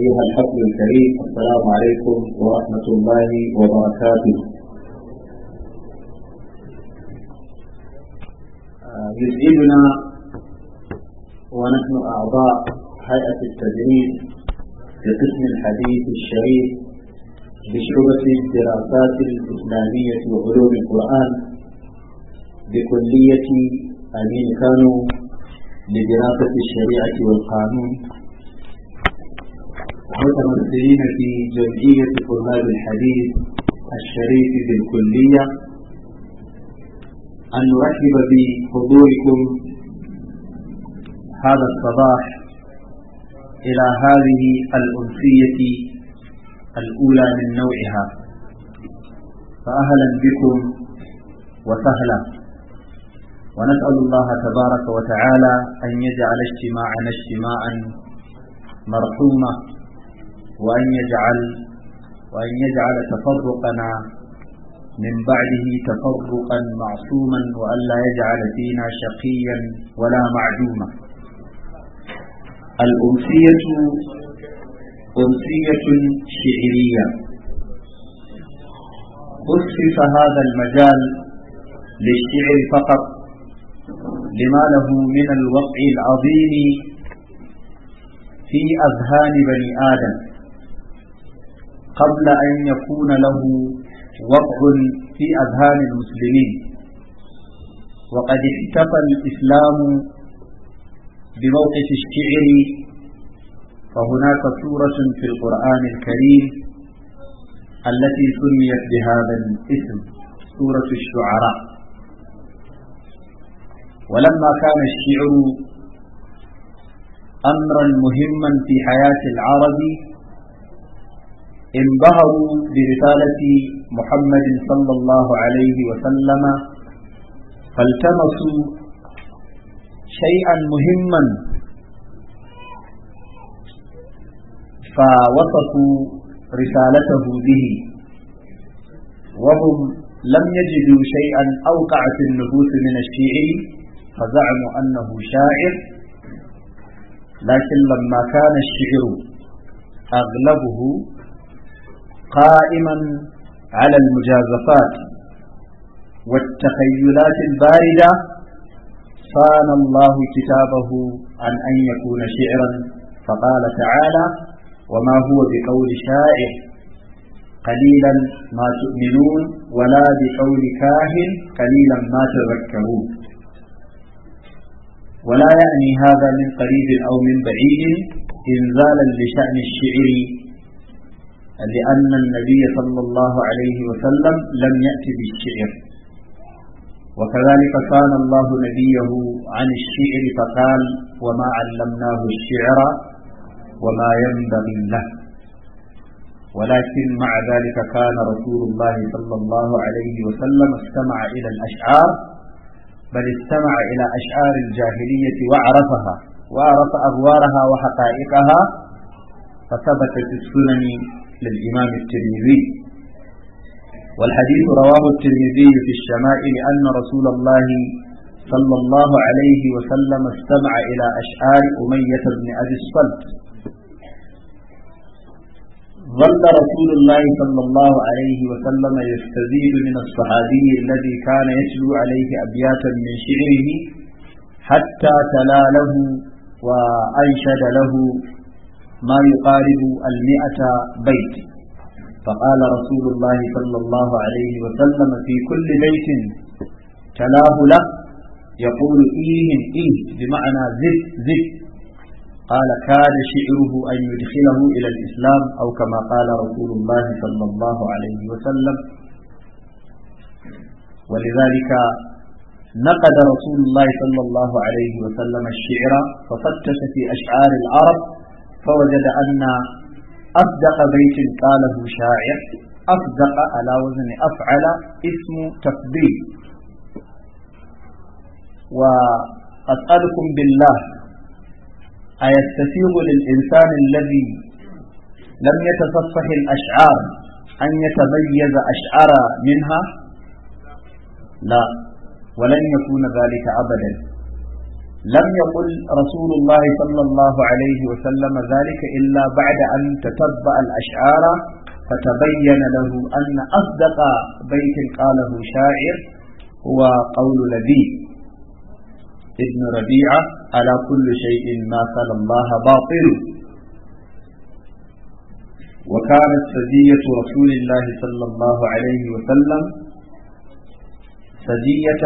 أيها الحفل الكريم السلام عليكم ورحمة الله وبركاته آه، يسعدنا ونحن أعضاء هيئة التدريس في قسم الحديث الشريف بشعبة الدراسات الإسلامية وعلوم القرآن بكلية أمين كانوا لدراسة الشريعة والقانون عشر سنين في جمعية طلاب الحديث الشريف بالكلية أن نرحب بحضوركم هذا الصباح إلى هذه الأنسية الأولى من نوعها فأهلا بكم وسهلا ونسأل الله تبارك وتعالى أن يجعل اجتماعنا اجتماعا مرحوما وأن يجعل وأن يجعل تفرقنا من بعده تفرقا معصوما وألا يجعل فينا شقيا ولا معدوما الأمسية أمسية شعرية خصص هذا المجال للشعر فقط لما له من الوقع العظيم في أذهان بني آدم قبل أن يكون له وقع في أذهان المسلمين وقد احتفى الإسلام بموقف الشعر فهناك سورة في القرآن الكريم التي سميت بهذا الاسم سورة الشعراء ولما كان الشعر أمرا مهما في حياة العرب انبهروا برسالة محمد صلى الله عليه وسلم فالتمسوا شيئا مهما فوصفوا رسالته به وهم لم يجدوا شيئا أوقع في النفوس من الشيعي فزعموا أنه شاعر لكن لما كان الشعر أغلبه قائما على المجازفات والتخيلات الباردة صان الله كتابه عن أن يكون شعرا فقال تعالى وما هو بقول شاعر قليلا ما تؤمنون ولا بقول كاهن قليلا ما تذكرون ولا يعني هذا من قريب أو من بعيد إنزالا لشأن الشعر لأن النبي صلى الله عليه وسلم لم يأت بالشعر وكذلك كان الله نبيه عن الشعر فقال وما علمناه الشعر وما ينبغي له ولكن مع ذلك كان رسول الله صلى الله عليه وسلم استمع إلى الأشعار بل استمع إلى أشعار الجاهلية وعرفها وعرف أغوارها وحقائقها فثبت في السنن للإمام الترمذي والحديث رواه الترمذي في الشمائل أن رسول الله صلى الله عليه وسلم استمع إلى أشعار أمية بن أبي الصلت ظل رسول الله صلى الله عليه وسلم يستزيد من الصحابي الذي كان يتلو عليه أبياتا من شعره حتى تلا له وأنشد له ما يقارب المئة بيت فقال رسول الله صلى الله عليه وسلم في كل بيت تلاه له يقول إيه إيه بمعنى زد زد قال كاد شعره أن يدخله إلى الإسلام أو كما قال رسول الله صلى الله عليه وسلم ولذلك نقد رسول الله صلى الله عليه وسلم الشعر ففتش في أشعار العرب فوجد أن أصدق بيت قاله شاعر أصدق على وزن أفعل اسم تفضيل وأسألكم بالله أيستسيغ للإنسان الذي لم يتصفح الأشعار أن يتميز أشعار منها لا ولن يكون ذلك أبدا لم يقل رسول الله صلى الله عليه وسلم ذلك إلا بعد أن تتبع الأشعار فتبين له أن أصدق بيت قاله شاعر هو قول لبي ابن ربيعة على كل شيء ما قال الله باطل وكانت سجية رسول الله صلى الله عليه وسلم سجية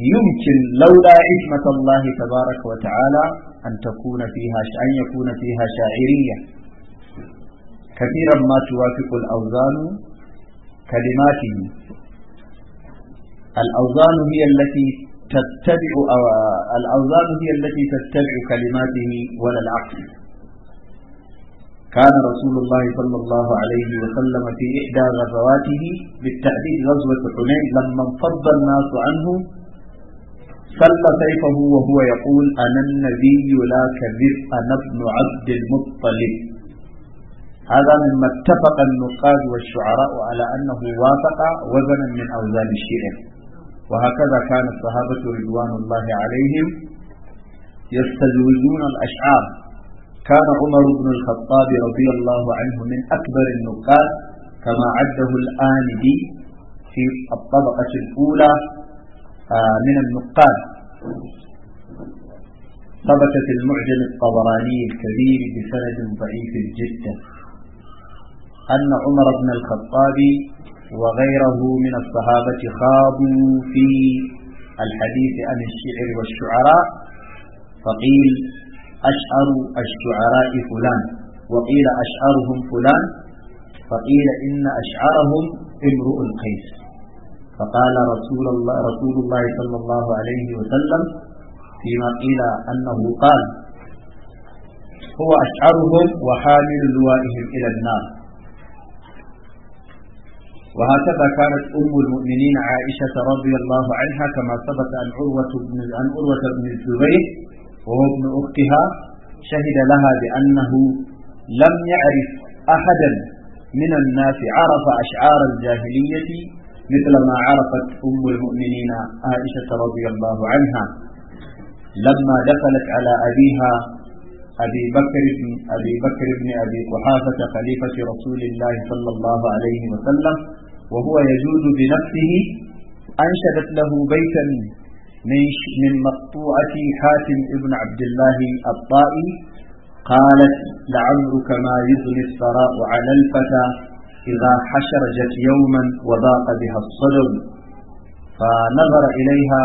يمكن لولا حكمة الله تبارك وتعالى أن تكون فيها أن يكون فيها شاعرية كثيرا ما توافق الأوزان كلماته الأوزان هي التي تتبع الأوزان هي التي تتبع كلماته ولا العقل كان رسول الله صلى الله عليه وسلم في إحدى غزواته بالتأديب غزوة حنين لما انفض الناس عنه سل سيفه وهو يقول أنا النبي لا كذب أنا ابن عبد المطلب هذا مما اتفق النقاد والشعراء على أنه وافق وزنا من أوزان الشعر وهكذا كان الصحابة رضوان الله عليهم يستجوزون الأشعار كان عمر بن الخطاب رضي الله عنه من أكبر النقاد كما عده الآندي في الطبقة الأولى آه، من النقاد طبقة المعجم الطبراني الكبير بسند ضعيف جدا أن عمر بن الخطاب وغيره من الصحابة خاضوا في الحديث عن الشعر والشعراء فقيل أشعر الشعراء فلان وقيل أشعرهم فلان فقيل إن أشعرهم امرؤ القيس فقال رسول الله رسول الله صلى الله عليه وسلم فيما قيل أنه قال هو أشعرهم وحامل لوائهم إلى النار وهكذا كانت أم المؤمنين عائشة رضي الله عنها كما ثبت عن عروة بن عن عروة بن الزبير وهو ابن أختها شهد لها بأنه لم يعرف أحدا من الناس عرف أشعار الجاهلية مثل ما عرفت أم المؤمنين عائشة رضي الله عنها لما دخلت على أبيها أبي بكر بن أبي بكر بن أبي قحافة خليفة رسول الله صلى الله عليه وسلم وهو يجود بنفسه أنشدت له بيتا من مقطوعة حاتم بن عبد الله الطائي قالت لعمرك ما يغني الثراء على الفتى إذا حشرجت يوما وضاق بها الصدر فنظر إليها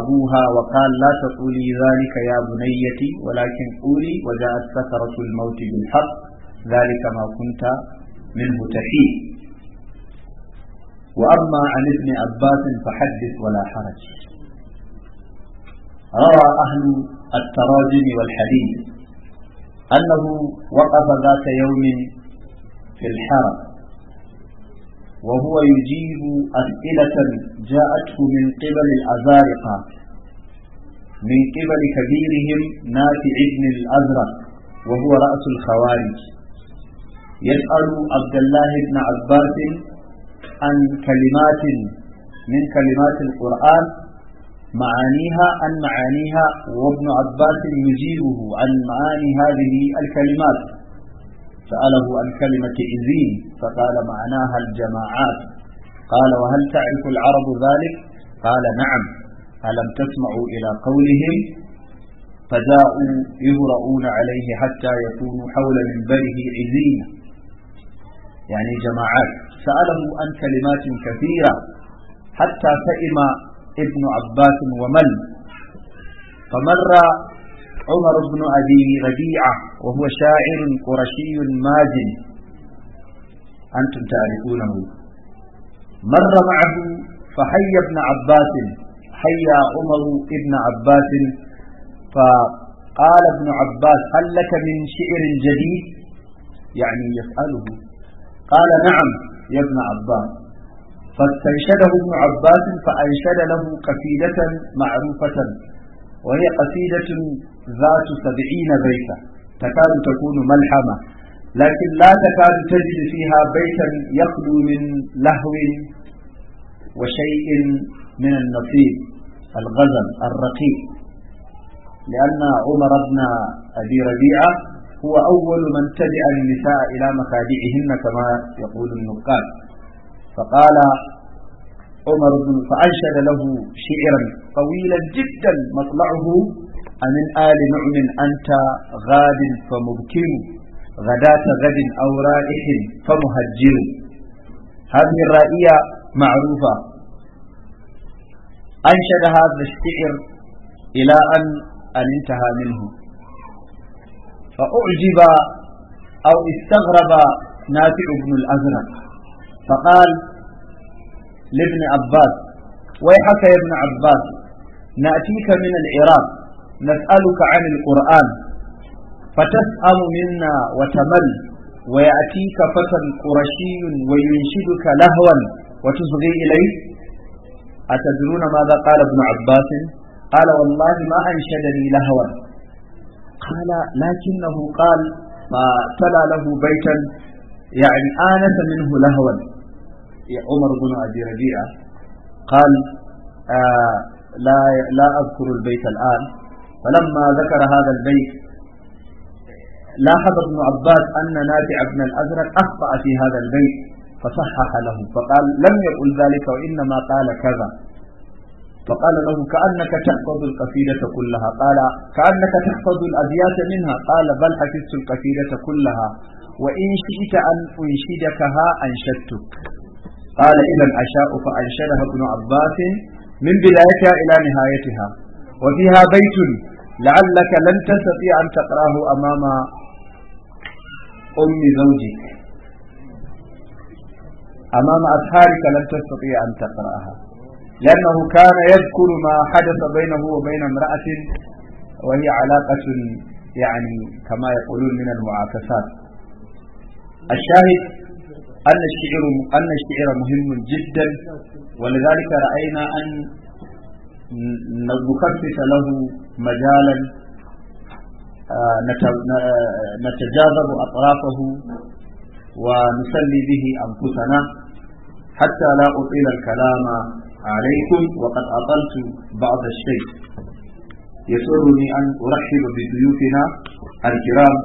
أبوها وقال لا تقولي ذلك يا بنيتي ولكن قولي وجاءت سكرة الموت بالحق ذلك ما كنت منه تحيد وأما عن ابن عباس فحدث ولا حرج روى أهل التراجم والحديث أنه وقف ذات يوم في الحرم وهو يجيب أسئلة جاءته من قبل الأزارقة من قبل كبيرهم نافع بن الأزرق وهو رأس الخوارج يسأل عبد الله بن عباس عن كلمات من كلمات القرآن معانيها عن معانيها وابن عباس يجيبه عن معاني هذه الكلمات سأله عن كلمة إذين فقال معناها الجماعات قال وهل تعرف العرب ذلك قال نعم ألم تسمعوا إلى قولهم فجاءوا يهرؤون عليه حتى يكونوا حول منبره عزين يعني جماعات سأله عن كلمات كثيرة حتى سئم ابن عباس ومل فمر عمر بن أبي ربيعة وهو شاعر قرشي ماجن أنتم تعرفونه مر معه فحيا ابن عباس حيا عمر ابن عباس فقال ابن عباس هل لك من شعر جديد يعني يسأله قال نعم يا ابن عباس فاستنشده ابن عباس فأنشد له قصيدة معروفة وهي قصيدة ذات سبعين بيتا تكاد تكون ملحمة لكن لا تكاد تجد فيها بيتا يخلو من لهو وشيء من النصيب الغزل الرقيق لأن عمر بن أبي ربيعة هو أول من تبع النساء إلى مخادعهن كما يقول النقاد فقال عمر بن فأنشد له شعرا طويلا جدا مطلعه أمن آل نعم أنت غاد فمبكر غداة غد أو رائح فمهجر هذه الرائية معروفة أنشد هذا الشعر إلى أن, أن انتهى منه فأعجب أو استغرب نافع بن الأزرق فقال لابن عباس ويحك يا ابن عباس نأتيك من العراق نسألك عن القرآن فتسأل منا وتمل ويأتيك فتى قرشي وينشدك لهوا وتصغي إليه أتدرون ماذا قال ابن عباس قال والله ما أنشدني لهوا قال لكنه قال ما تلا له بيتا يعني آنس منه لهوا يا عمر بن أبي ربيعة قال آه لا لا أذكر البيت الآن فلما ذكر هذا البيت لاحظ ابن عباس أن نافع بن الأزرق أخطأ في هذا البيت فصحح له فقال لم يقل ذلك وإنما قال كذا فقال له كأنك تحفظ القصيدة كلها قال كأنك تحفظ الأبيات منها قال بل حفظت القصيدة كلها وإن شئت أن أنشدكها أنشدتك قال إذا أشاء فأنشدها ابن عباس من بدايتها إلى نهايتها وفيها بيت لعلك لن تستطيع أن تقرأه أمام أم زوجك أمام أطهارك لن تستطيع أن تقرأها لأنه كان يذكر ما حدث بينه وبين امرأة وهي علاقة يعني كما يقولون من المعاكسات الشاهد أن الشعر أن الشعر مهم جدا ولذلك رأينا أن نخصص له مجالا آه، نتجاذب أطرافه ونسلي به أنفسنا حتى لا أطيل الكلام عليكم وقد أطلت بعض الشيء يسرني أن أرحب بضيوفنا الكرام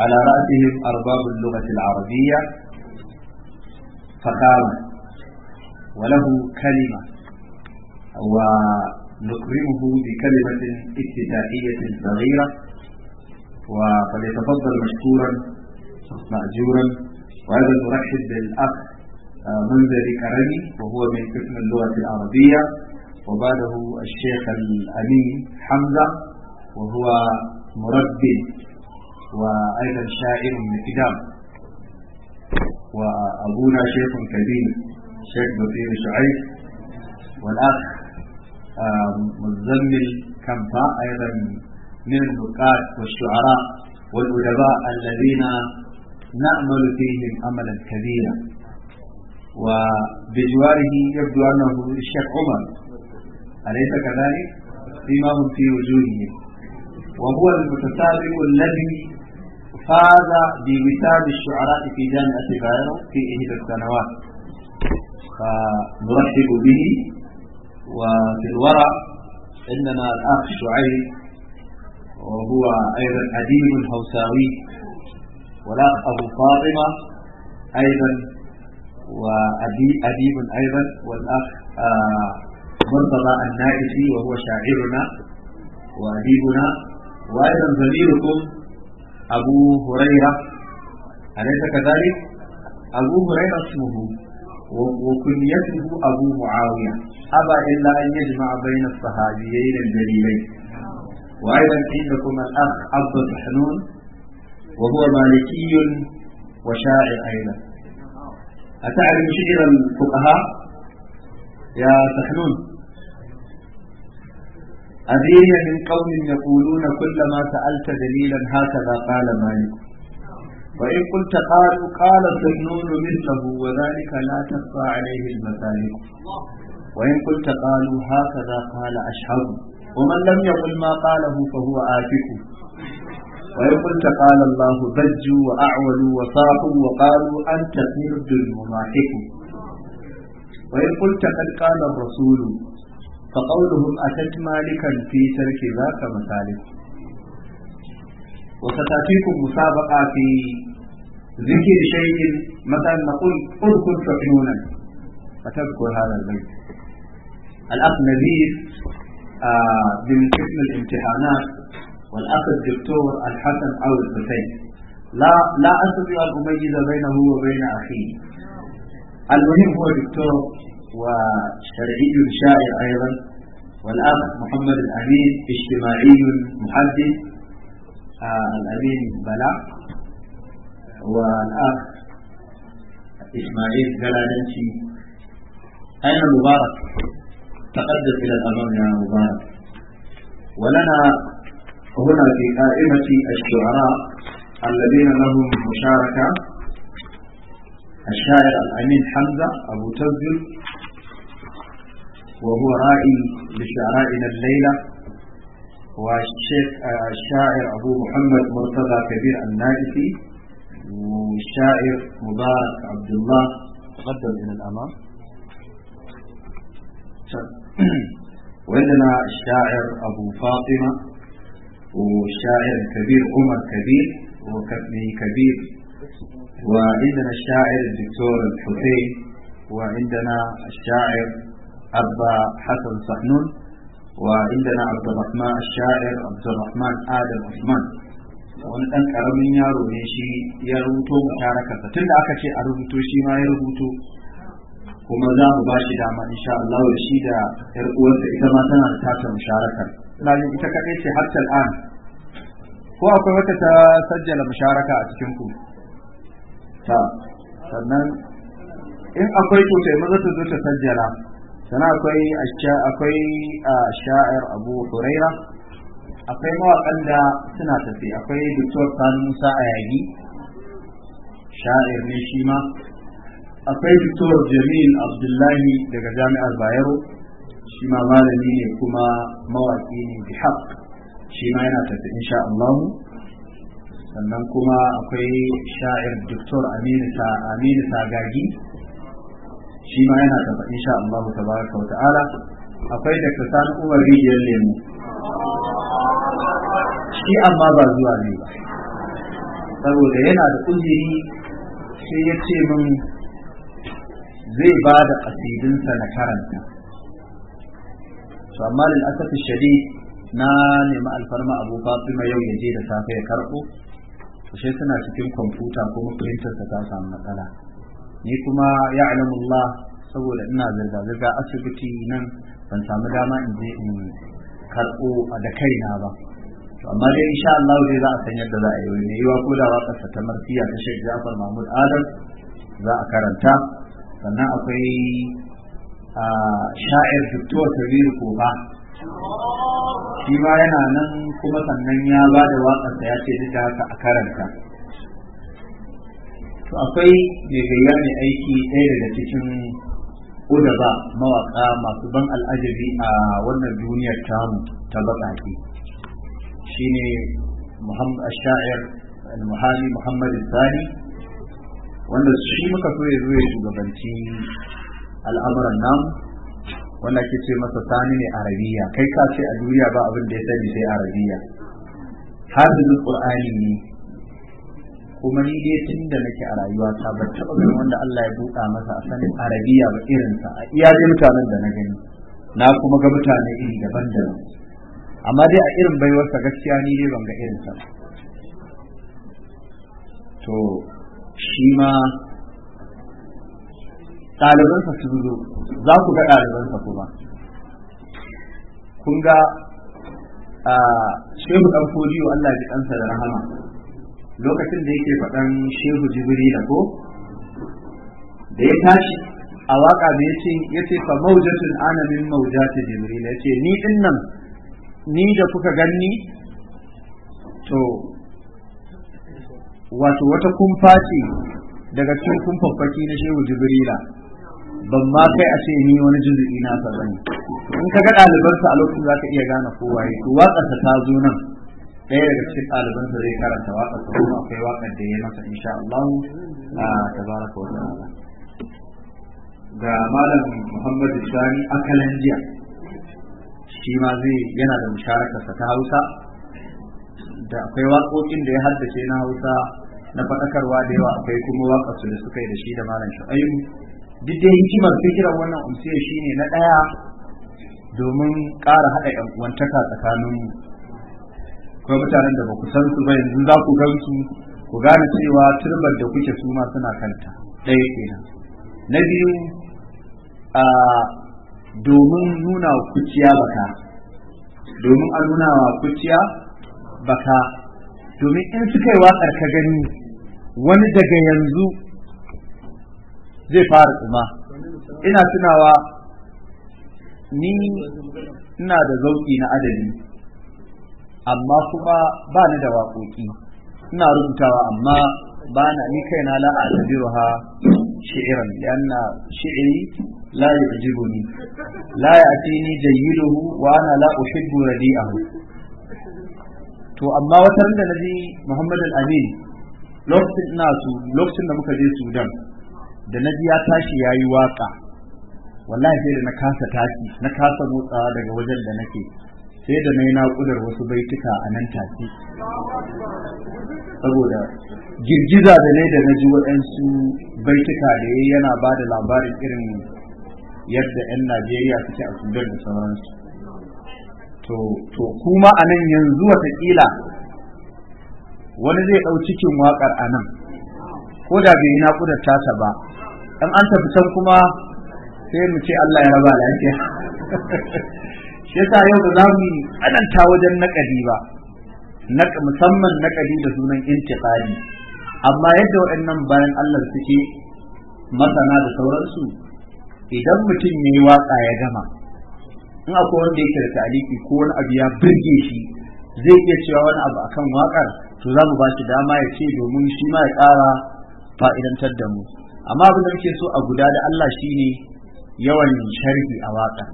على رأسهم أرباب اللغة العربية فخامة وله كلمة ونكرمه بكلمة افتتاحية صغيرة وفليتفضل مشكورا مأجورا وأيضا نرحب بالأخ آه، منذر كرمي وهو من قسم اللغة العربية وبعده الشيخ الأمين حمزة وهو مربي وأيضا شاعر انتقام وأبونا شيخ كبير شيخ بطير شعيب والأخ مزمل كنفا أيضا من النقاد والشعراء والأدباء الذين نأمل فيهم أملا كبيرا وبجواره يبدو أنه الشيخ عمر أليس كذلك؟ إمام في وجوههم وهو المتسابق الذي فاز بوساد الشعراء في جامعة بايرن في إحدى السنوات فنرحب به وفي الورع انما الأخ شعيب وهو أيضا أديب هوساوي والأخ أبو فاطمة أيضا وأديب أيضا والأخ آه، مرتضى النائسي وهو شاعرنا وأديبنا وأيضا زميلكم أبو هريرة أليس كذلك؟ أبو هريرة اسمه وكنيته أبو معاوية أبى إلا أن يجمع بين الصحابيين الجليلين وأيضا عندكم الأخ عبد الحنون وهو مالكي وشاعر أيضا أتعلم شعر الفقهاء يا سحنون أدري من قوم يقولون كلما سألت دليلا هكذا قال مالك وإن قلت قالوا قال الظنون مثله وذلك لا تخفى عليه المسالك وإن قلت قالوا هكذا قال أشهر ومن لم يقل ما قاله فهو آفك وإن قلت قال الله بجوا وأعولوا وصاحوا وقالوا أنت مرد المضاحك وإن قلت قد قال الرسول فقولهم أتت مالكا في ترك ذاك مسالك وستأتيكم مسابقة في ذكر شيء مثلا نقول اذكر فحيونا فتذكر هذا البيت الاخ نزيف آه من اسم الامتحانات والاخ الدكتور الحسن او الحسين لا لا استطيع ان اميز بينه وبين اخيه المهم هو دكتور وشرعي شاعر ايضا والاخ محمد الامين اجتماعي محدث آه الامين بلاء والأخ إسماعيل جلالنشي أين مبارك تقدم إلى الأمام يا مبارك ولنا هنا في قائمة الشعراء الذين لهم مشاركة الشاعر الأمين حمزة أبو تبذل وهو رائي لشعرائنا الليلة والشيخ آه، الشاعر أبو محمد مرتضى كبير النائسي الشاعر مبارك عبد الله تقدم إلى الأمام وعندنا الشاعر أبو فاطمة والشاعر الكبير عمر كبير وكابنه كبير وعندنا الشاعر الدكتور الحسين وعندنا الشاعر أبا حسن صحنون وعندنا عبد الرحمن الشاعر عبد الرحمن آدم عثمان wani ɗan ƙaramin yaro ne shi ya rubuto tarakarsa tun da aka ce a rubuto shi ma ya rubuto kuma za mu ba shi dama insha Allah wa shi da ƴar uwarsa ita ma tana da tata musharakar ina yin ita kaɗai ce har al'an ko akwai wata ta sajjala musharaka a cikin ku ta sannan in akwai to sai maza ta zo ta sajjala sannan akwai akwai sha'ir Abu Hurairah akwai mawaƙan da suna tafi akwai Dr. Sani Musa Ayagi sha'ir ne shi ma akwai Dr. Jamil Abdullahi daga Jami'ar Bayero shi ma malami ne kuma mawaƙi ne bi haq shi ma yana tafi insha Allah sannan kuma akwai sha'ir Dr. Aminu Tagagi shi ma yana tafi insha Allah tabaraka wa ta'ala akwai Dr. Sani Umar Rijiyar Lemu sai amma ba zuwa ne ba saboda yana da uzuri sai ya ce min zai ba da asidinsa na karanta to amma lil asafi shari na nemi alfarma abu fatima yau ya je da safe ya karɓo to sai suna cikin kwamfuta ko printer ta samu matsala ni kuma ya alamullah saboda ina zirga-zirga asibiti nan ban samu dama in je in karɓo da kaina ba amma dai insha Allah dai za a san yadda za a yi ne yiwa ko da waƙar sa ta martiya ta Sheikh Jafar Mahmud Adam za a karanta sannan akwai a sha'ir Dr. Kabir Koba shi ma yana nan kuma sannan ya ba da waƙar ya ce duk da haka a karanta to akwai mai gayya mai aiki ɗaya daga cikin udaba mawaƙa masu ban al'ajabi a wannan duniyar tamu ta baƙaƙe shine muhammad sha'ir al-muhali muhammad zani wanda shi muka so ya zo ya shugabanci al'amuran namu wanda ke ce masa sani ne arabiya kai ka ce a duniya ba abin da ya sani sai arabiya hadisin qur'ani ne kuma ni dai tun da nake a rayuwa ta ban taɓa ganin wanda Allah ya buɗa masa a sanin arabiya ba irinsa a iya mutanen da na gani na kuma ga mutane iri daban-daban amma dai a irin baiwarsa gaskiya ni dai ban ga irin sa. to shi ma ɗalibansa su zo za ku ga ɗalibansa kuma kun ga a shehu ɗan fodiyo Allah ji kansa da rahama lokacin da yake faɗan shehu jibrila ko da ya tashi a waƙa da ya ce ya ce fa maujatun ana min maujati ya ce ni ɗin nan ni da kuka ganni to wato wata kumfa ce daga cikin kumfaffaki na shehu jibrila ban ma kai a ce ni wani juzu'i na sa bane in ka ga ɗalibansa a lokacin za ka iya gane kowa ya to waƙarsa ta zo nan ɗaya daga cikin ɗalibansa zai karanta waƙarsa kuma akwai waƙar da ya masa insha Allah a tabaraka wa ta'ala ga malam Muhammadu Sani akalan jiya shi ma zai yana da musharakarsa ta hausa da akwai waƙoƙin da ya haddace na hausa na faɗakarwa da yawa akwai kuma waƙarsu da suka yi da shi da malam shu'aibu duk da hikimar fikirar wannan shi ne na ɗaya domin ƙara haɗa ƴan uwantaka tsakanin mu kuma mutanen da ba ku san su ba yanzu za ku gan su ku gane cewa turbar da kuke suma suna kanta ɗaya kenan na biyu a domin nuna kuciya baka domin a nuna wa kuciya baka domin in suka yi waƙar ka gani wani daga yanzu zai fara kuma. ina tunawa ni ina da zauki na adali, amma kuma ba ni da waƙoƙi ina rubutawa amma ba na ni kaina la'a da biyu ha shi'irin yana shi'iri la yajibuni la yatini jayyiluhu wa ana la uhibbu radi'ahu to amma wata da naji Muhammad al-Amin lokacin da muka je Sudan da naji ya tashi yayi waka wallahi sai da na kasa tashi na kasa motsawa daga wajen da nake sai da na yi naƙudar wasu baikika a nan take saboda girgiza da ne da na ji waɗansu baikika da ya yana ba da labarin irin mu. yadda 'yan najeriya suke a da sauransu to to kuma a nan yanzu watakila wani zai ɗau cikin waƙar a nan ko da bai yi naƙudar tasa ba ɗan an tafi can kuma sai mu ce Allah ya raba lafiya shi yau da za mu tsananta wajen naƙadi ba musamman naƙadi da sunan intiqadi amma yadda waɗannan bayan Allah suke masana da sauransu idan mutum ya yi waƙa ya gama in akwai wanda yake da aliki ko wani abu ya birge shi zai iya cewa wani abu akan waƙar to za mu ba shi dama ya ce domin shi ma ya ƙara fa'idantar da mu amma abin da muke so a guda da Allah shine yawan sharhi a waƙa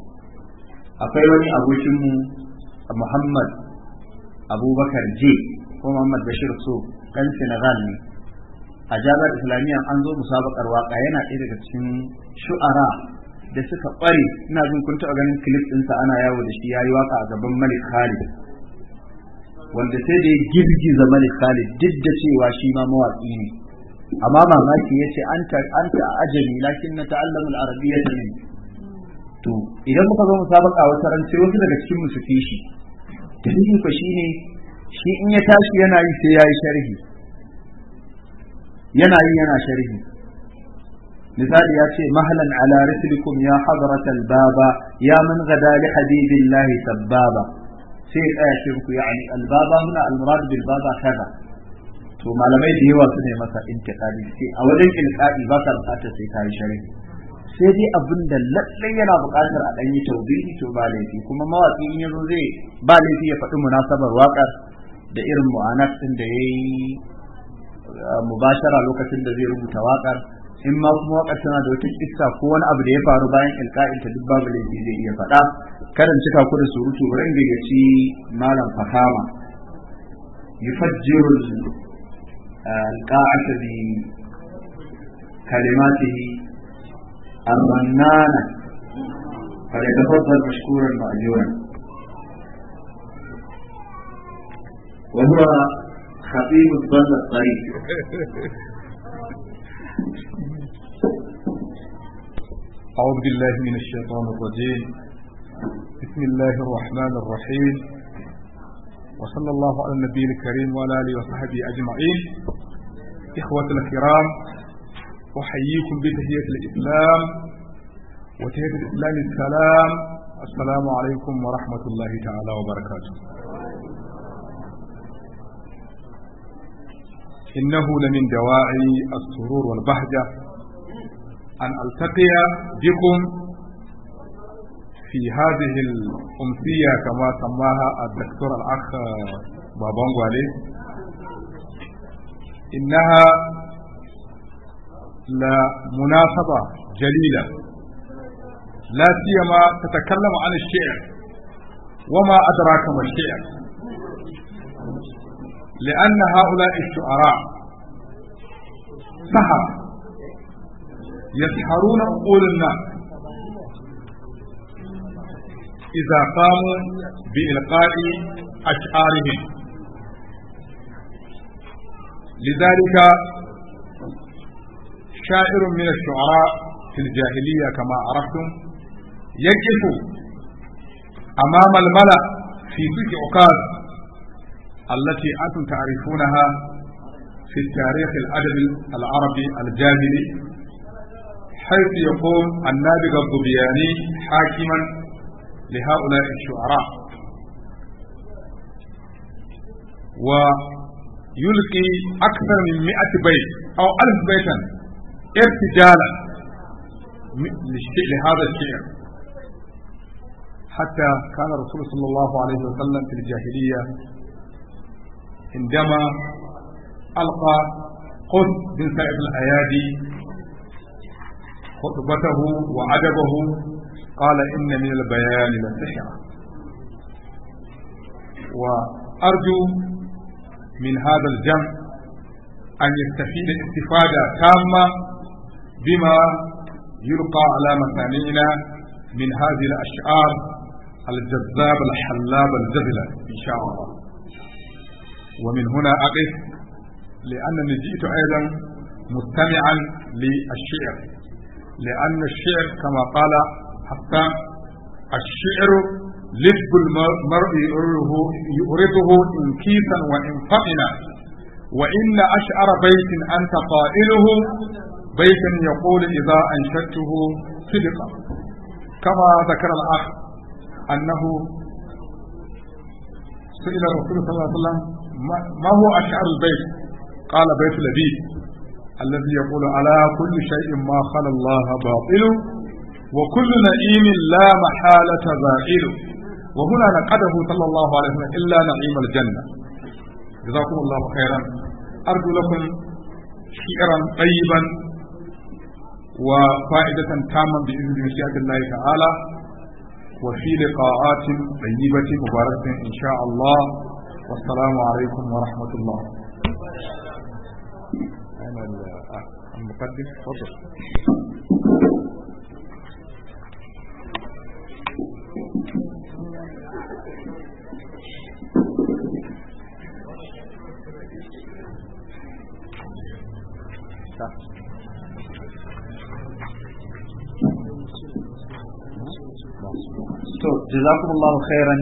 akwai wani abokinmu Muhammad Abubakar J ko Muhammad Bashir So dan Senegal ne a jami'ar islamiyya an zo musabakar waka yana ɗaya daga cikin shu'ara da suka ƙware ina jin kun taɓa ganin clip ɗinsa ana yawo da shi yayi waka a gaban Malik Khalid wanda sai da ya girgiza Malik Khalid duk da cewa shi ma mawaƙi ne amma mamaki ya ce an ta ajami lakin na ta'allamu arabiyya min to idan muka zo musabaka wata ran sai wasu daga cikin musu fishi dalilin ko shine shi in ya tashi yana yi sai yayi sharhi yana yi yana sharhi misali ya ce mahalan ala rislikum ya hadratal baba ya man gada li habibillahi sabbaba sai ya tsaya shi ku yani albaba muna almurad bil baba kaza to malamai da yawa su ne masa intiqadi sai a wajen ilqadi ba ka bukatar sai ka yi sharhi sai dai abin da lallai yana buƙatar a ɗan yi taubihi to ba laifi kuma mawaƙi in yazo zai ba laifi ya faɗi munasabar waƙar da irin mu'anas ɗin da ya yi Ah, mubashara lokacin da zai rubuta waƙar in ma kuma waƙar tana da wata iska ko wani abu da ya faru bayan ilka'in ta duk babu laifi zai iya faɗa karin cika ku da surutu ran in gayyaci malam fahama yufajjiru alqa'ata bi kalimatihi ar-rannana فليتفضل مشكورا مأجورا وهو خطيب ضل الطريق أعوذ بالله من الشيطان الرجيم بسم الله الرحمن الرحيم وصلى الله على النبي الكريم وعلى آله وصحبه أجمعين إخوة الكرام أحييكم بتحية الإسلام وتحية الإسلام السلام السلام عليكم ورحمة الله تعالى وبركاته إنه لمن دواعي السرور والبهجة أن ألتقي بكم في هذه الأمسية كما سماها الدكتور الأخ بابانغو علي إنها لمناسبة جليلة لا سيما تتكلم عن الشعر وما أدراك ما الشعر لأن هؤلاء الشعراء سحرة يسحرون عقول الناس إذا قاموا بإلقاء أشعارهم لذلك شاعر من الشعراء في الجاهلية كما عرفتم يقف أمام الملأ في تلك عكاظ التي أنتم تعرفونها في التاريخ الأدبي العربي الجاهلي حيث يقوم النابغ الظبياني حاكما لهؤلاء الشعراء ويلقي أكثر من مئة بيت أو ألف بيتا ارتجالا لهذا الشعر حتى كان الرسول صلى الله عليه وسلم في الجاهلية عندما ألقى قس بن سعد الأيادي خطبته وعدبه قال إن من البيان لسحرا وأرجو من هذا الجمع أن يستفيد استفادة تامة بما يلقى على مسامعنا من هذه الأشعار الجذابة الحلابة الجذلة إن شاء الله ومن هنا أقف لأنني جئت أيضا مستمعا للشعر لأن الشعر كما قال حتى الشعر لب المرء يورثه إن كيسا وإن فطنا وإن أشعر بيت أنت قائله بيت يقول إذا أنشدته صدقا كما ذكر الأخ أنه سئل الرسول صلى الله عليه وسلم ما هو أشعر البيت قال بيت لبيب الذي يقول على كل شيء ما خلا الله باطل وكل نعيم لا محالة زائل وهنا نقده صلى الله عليه وسلم إلا نعيم الجنة جزاكم الله خيرا أرجو لكم شعرا طيبا وفائدة تاما بإذن مشيئة الله تعالى وفي لقاءات طيبة مباركة إن شاء الله والسلام عليكم ورحمة الله أنا آه، المقدم فضل جزاكم الله خيرا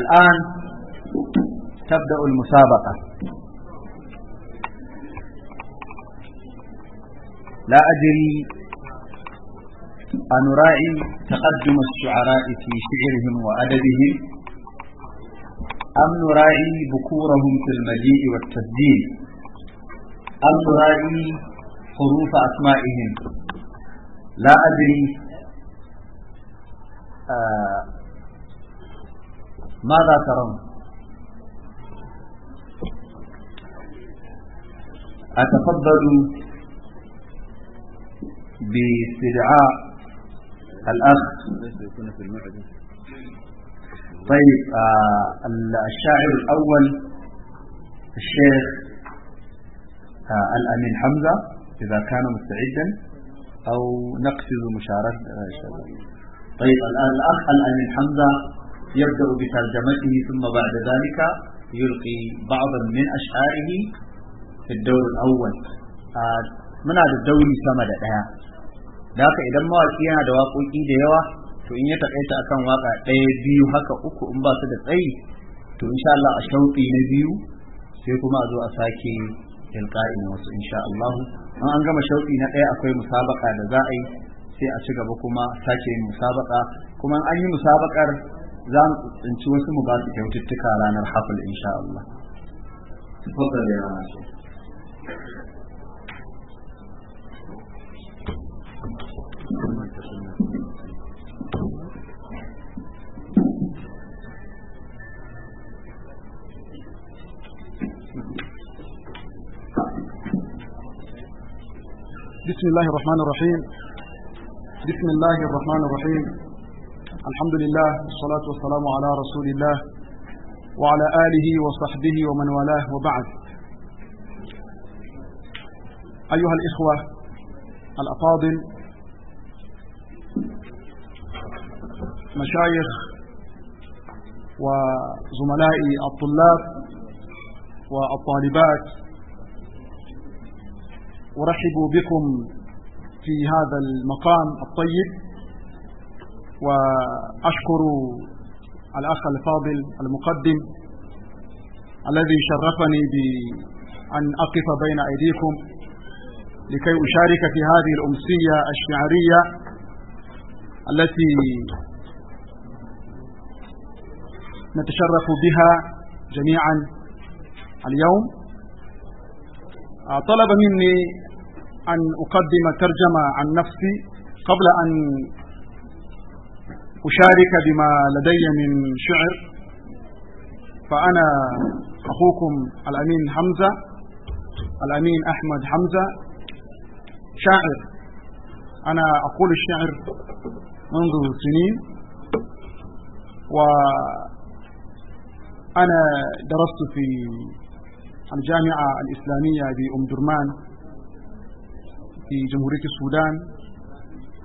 الآن تبدأ المسابقة لا أدري أنراعي تقدم الشعراء في شعرهم وأدبهم أم نراعي بكورهم في المجيء والتسجيل أم نراعي حروف أسمائهم لا أدري آه ماذا ترون أتفضل باستدعاء الأخ طيب آه، الشاعر الأول الشيخ آه، الأمين حمزة إذا كان مستعدا أو نقفز مشاركة آه، طيب الأخ الأمين حمزة يبدأ بترجمته ثم بعد ذلك يلقي بعضا من أشعاره fi daur awwal muna da dauri sama da daya da haka idan mawaki yana da waƙoƙi da yawa to in ya takaita akan waka ɗaya biyu haka uku in ba su da tsayi to insha Allah a shauƙi na biyu sai kuma a zo a sake ilka'i na wasu insha Allah an an gama shauƙi na ɗaya akwai musabaka da za a yi sai a ci gaba kuma sake yin musabaka kuma an yi musabakar za mu tsinci wasu mu ba su kyaututtuka ranar hafal insha Allah. Tafadar ya بسم الله الرحمن الرحيم بسم الله الرحمن الرحيم الحمد لله والصلاة والسلام على رسول الله وعلى آله وصحبه ومن والاه وبعد أيها الإخوة الأفاضل مشايخ وزملائي الطلاب والطالبات أرحب بكم في هذا المقام الطيب وأشكر الأخ الفاضل المقدم الذي شرفني بأن أقف بين أيديكم لكي أشارك في هذه الأمسية الشعرية التي نتشرف بها جميعا اليوم آه، طلب مني أن أقدم ترجمة عن نفسي قبل أن أشارك بما لدي من شعر فأنا أخوكم الأمين حمزة الأمين أحمد حمزة شاعر أنا أقول الشعر منذ سنين وأنا درست في الجامعة الإسلامية بأم درمان في جمهورية السودان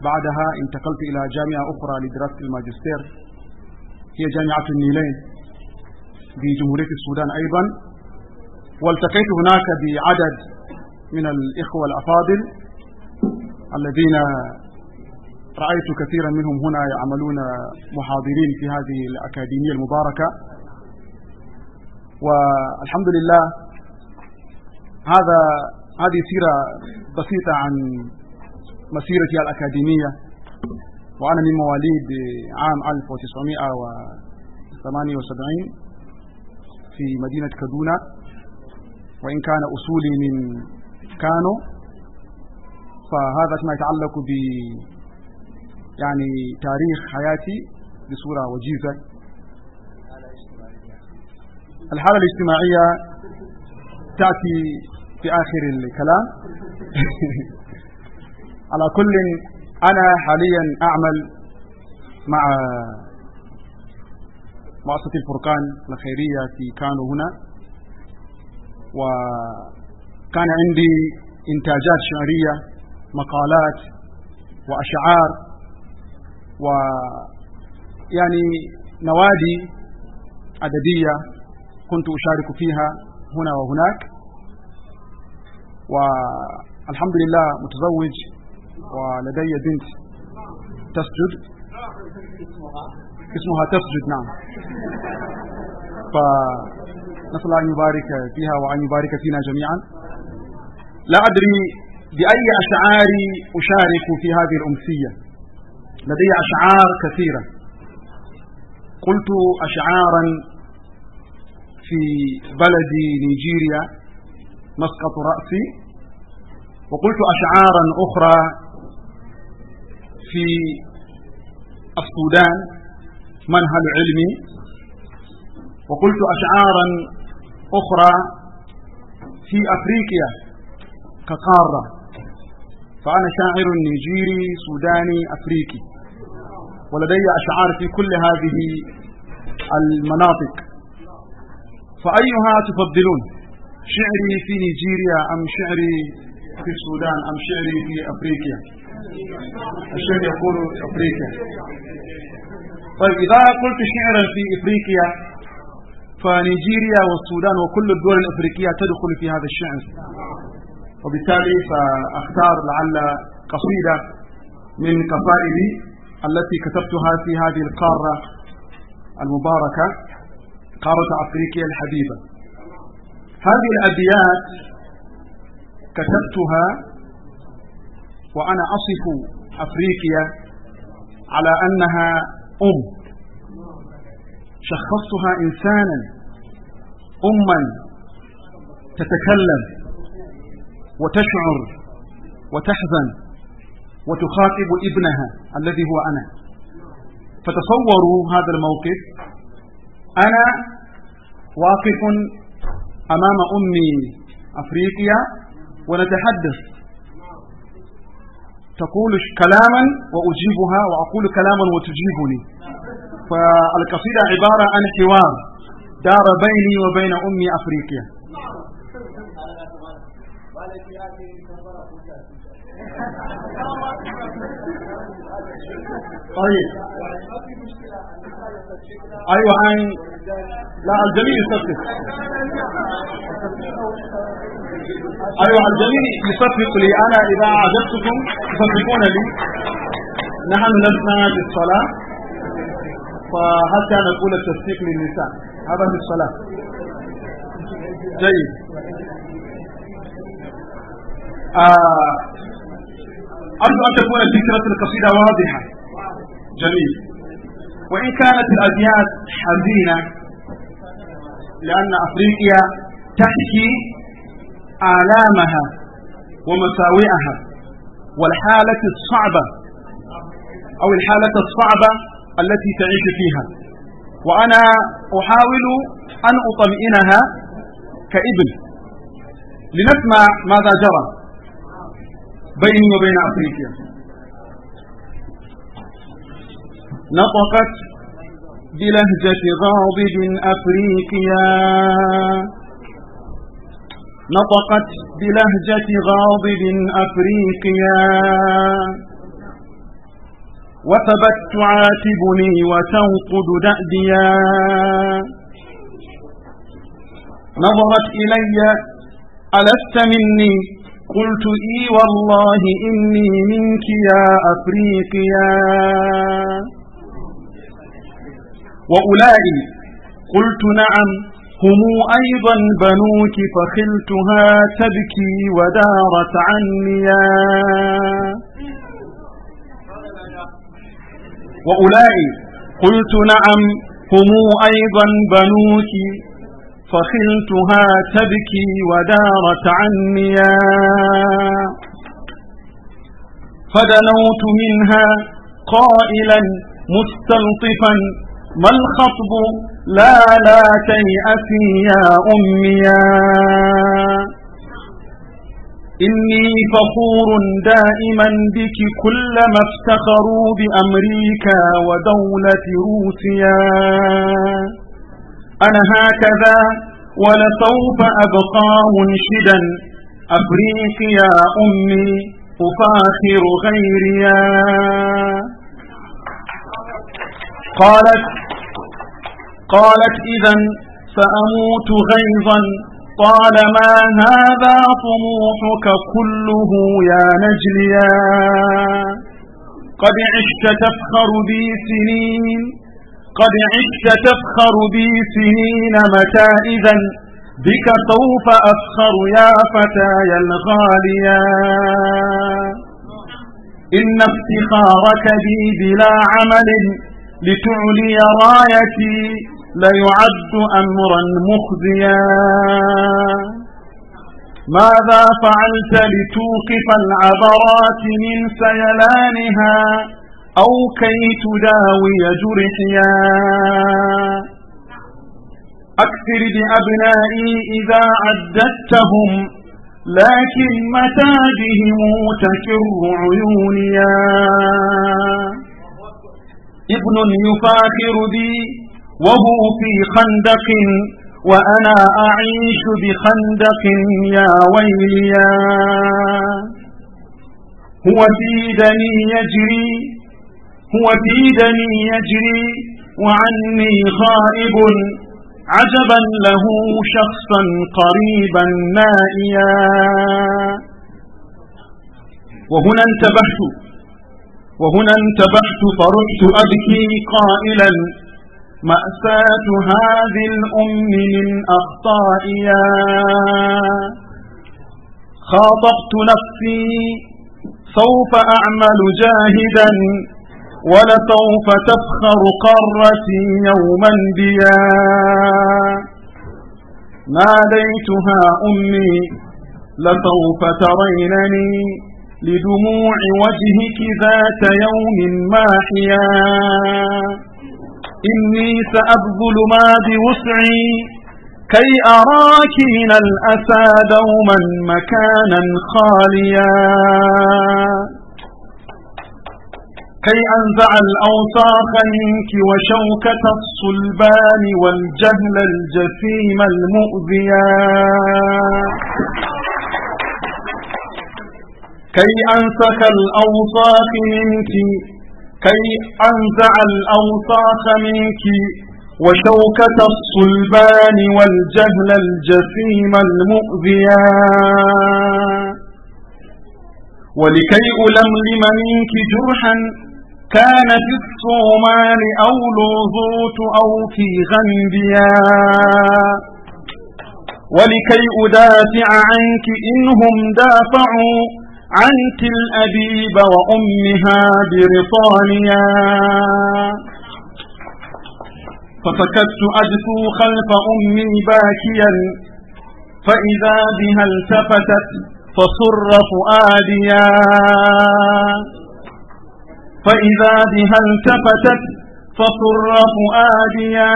بعدها انتقلت إلى جامعة أخرى لدراسة الماجستير هي جامعة النيلين في جمهورية السودان أيضا والتقيت هناك بعدد من الإخوة الأفاضل الذين رأيت كثيرا منهم هنا يعملون محاضرين في هذه الأكاديمية المباركة والحمد لله هذا هذه سيرة بسيطة عن مسيرتي الأكاديمية وأنا من مواليد عام 1978 في مدينة كادونا وإن كان أصولي من كانو فهذا ما يتعلق ب يعني تاريخ حياتي بصورة وجيزة الحالة الاجتماعية تأتي في آخر الكلام على كل أنا حاليا أعمل مع مؤسسة الفرقان الخيرية في كانو هنا وكان عندي إنتاجات شعرية مقالات وأشعار و يعني نوادي أدبية كنت أشارك فيها هنا وهناك والحمد لله متزوج ولدي بنت تسجد اسمها تسجد نعم فنسأل أن يبارك فيها وأن يبارك فينا جميعا لا أدري بأي أشعار أشارك في هذه الأمسية لدي أشعار كثيرة قلت أشعارا في بلدي نيجيريا مسقط رأسي وقلت أشعارا أخرى في السودان منهل علمي وقلت أشعارا أخرى في أفريقيا كقارة فأنا شاعر نيجيري سوداني أفريقي ولدي أشعار في كل هذه المناطق فأيها تفضلون شعري في نيجيريا أم شعري في السودان أم شعري في أفريقيا الشعر يقول أفريقيا طيب إذا قلت شعرا في إفريقيا فنيجيريا والسودان وكل الدول الأفريقية تدخل في هذا الشعر وبالتالي فاختار لعل قصيده من قصائدي التي كتبتها في هذه القاره المباركه قاره افريقيا الحبيبه هذه الابيات كتبتها وانا اصف افريقيا على انها ام شخصتها انسانا اما تتكلم وتشعر وتحزن وتخاطب ابنها الذي هو أنا فتصوروا هذا الموقف أنا واقف أمام أمي أفريقيا ونتحدث تقول كلاما وأجيبها وأقول كلاما وتجيبني فالقصيدة عبارة عن حوار دار بيني وبين أمي أفريقيا التي هذه كفرة طيب ايوه عن لا الجميل يصفق ايوه الجميل يصفق لي انا اذا عجبتكم تصفقون لي نحن لسنا بالصلاه فحتى نقول التصفيق للنساء هذا في الصلاه جيد آه، أرجو أن تكون فكرة القصيدة واضحة جميل وإن كانت الأبيات حزينة لأن أفريقيا تحكي آلامها ومساوئها والحالة الصعبة أو الحالة الصعبة التي تعيش فيها وأنا أحاول أن أطمئنها كابن لنسمع ماذا جرى بيني وبين افريقيا نطقت بلهجة غاضب أفريقيا نطقت بلهجة غاضب أفريقيا وثبت تعاتبني وتنقد دأديا نظرت إلي ألست مني قلت إي والله إني منك يا أفريقيا وأولئك قلت نعم هم أيضا بنوك فخلتها تبكي ودارت عني وأولئك قلت نعم هم أيضا بنوك فخلتها تبكي ودارت عنيا فدنوت منها قائلا مستلطفا ما الخطب لا لا تيأسي يا أمي إني فخور دائما بك كلما افتخروا بأمريكا ودولة روسيا أنا هكذا ولسوف أبقى منشدا أفريق يا أمي أفاخر غيري قالت قالت إذا سأموت غيظا طالما هذا طموحك كله يا نجليا قد عشت تفخر بي سنين قد عدت تفخر بي سنين متى إذا بك سوف أفخر يا فتاي الغاليا إن افتخارك بي بلا عمل لتعلي رايتي ليعد أمرا مخزيا ماذا فعلت لتوقف العبرات من سيلانها أو كي تداوي جرحيا أكثر بأبنائي إذا عددتهم لكن متى بهم تكر عيونيا ابن يفاخر بي وهو في خندق وأنا أعيش بخندق يا ويليا هو في دني يجري هو في دمي يجري وعني غائب عجبا له شخصا قريبا نائيا وهنا انتبهت وهنا انتبهت فرحت أبكي قائلا مأساة هذه الأم من أخطائيا خاطبت نفسي سوف أعمل جاهدا ولسوف تفخر قرتي يوما بيا ناديتها أمي لسوف ترينني لدموع وجهك ذات يوم ماحيا إني سأبذل ما بوسعي كي أراك من الأسى دوما مكانا خاليا كي أنزع الأوساخ منك وشوكة الصلبان والجهل الجسيم المؤذيا كي أنسخ الأوساخ منك كي أنزع الأوساخ منك وشوكة الصلبان والجهل الجسيم المؤذيا ولكي ألملم منك جرحا كان في الصومال أو لوزوت أو في غنبيا ولكي أدافع عنك إنهم دافعوا عنك الأبيب وأمها برطانيا فسكت أجثو خلف أمي باكيا فإذا بها التفتت فصر فؤاديا فإذا بها التفتت فصر فؤاديا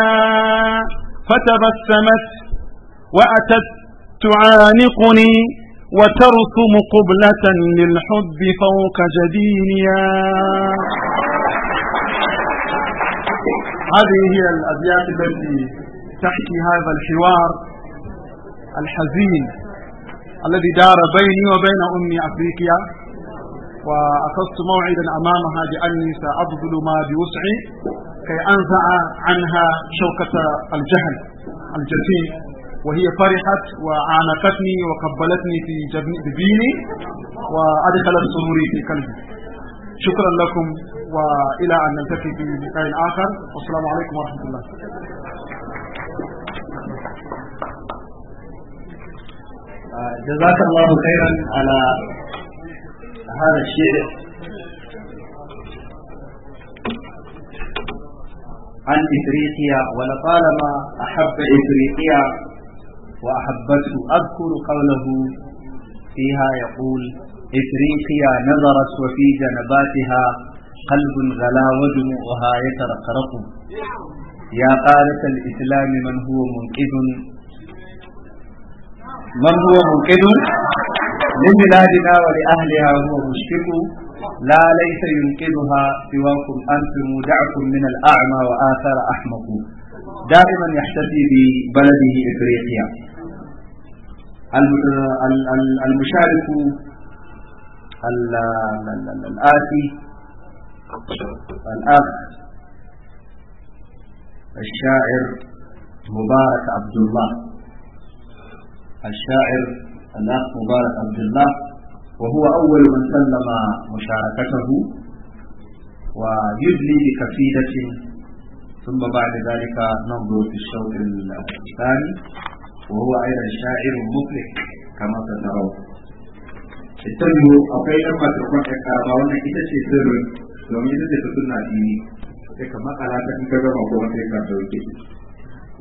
فتبسمت وأتت تعانقني وترسم قبلة للحب فوق جبينيا هذه هي الأبيات التي تحكي هذا الحوار الحزين الذي دار بيني وبين أمي أفريقيا وأخذت موعدا أمامها بأني سأبذل ما بوسعي كي أنزع عنها شوكة الجهل الجسيم وهي فرحت وعانقتني وقبلتني في جبيني وأدخلت سروري في قلبي شكرا لكم وإلى أن نلتقي في لقاء آخر والسلام عليكم ورحمة الله جزاك الله خيرا على هذا الشعر عن إفريقيا ولطالما أحب إفريقيا وأحبته أذكر قوله فيها يقول إفريقيا نظرت وفي جنباتها قلب غلا ودموعها يترقرق يا قارة الإسلام من هو منقذ من هو منقذ لبلادنا ولأهلها هو مشفق لا ليس ينقذها سواكم أنتم دعكم من الأعمى وآثار أحمق دائما يحتفي ببلده إفريقيا المشارك الآتي الأخ الشاعر مبارك عبد الله الشاعر الله مبارك عبد الله وهو أول من سلم مشاركته ويدلي بقصيدة ثم بعد ذلك ننظر في الشوط الثاني وهو أيضا شاعر مطلق كما تدرون التنمو أقيد ما تكون أكاربا وانا إذا شيء domin da ta suna dini sai ka makala ta in ka gama kuma sai ka dauke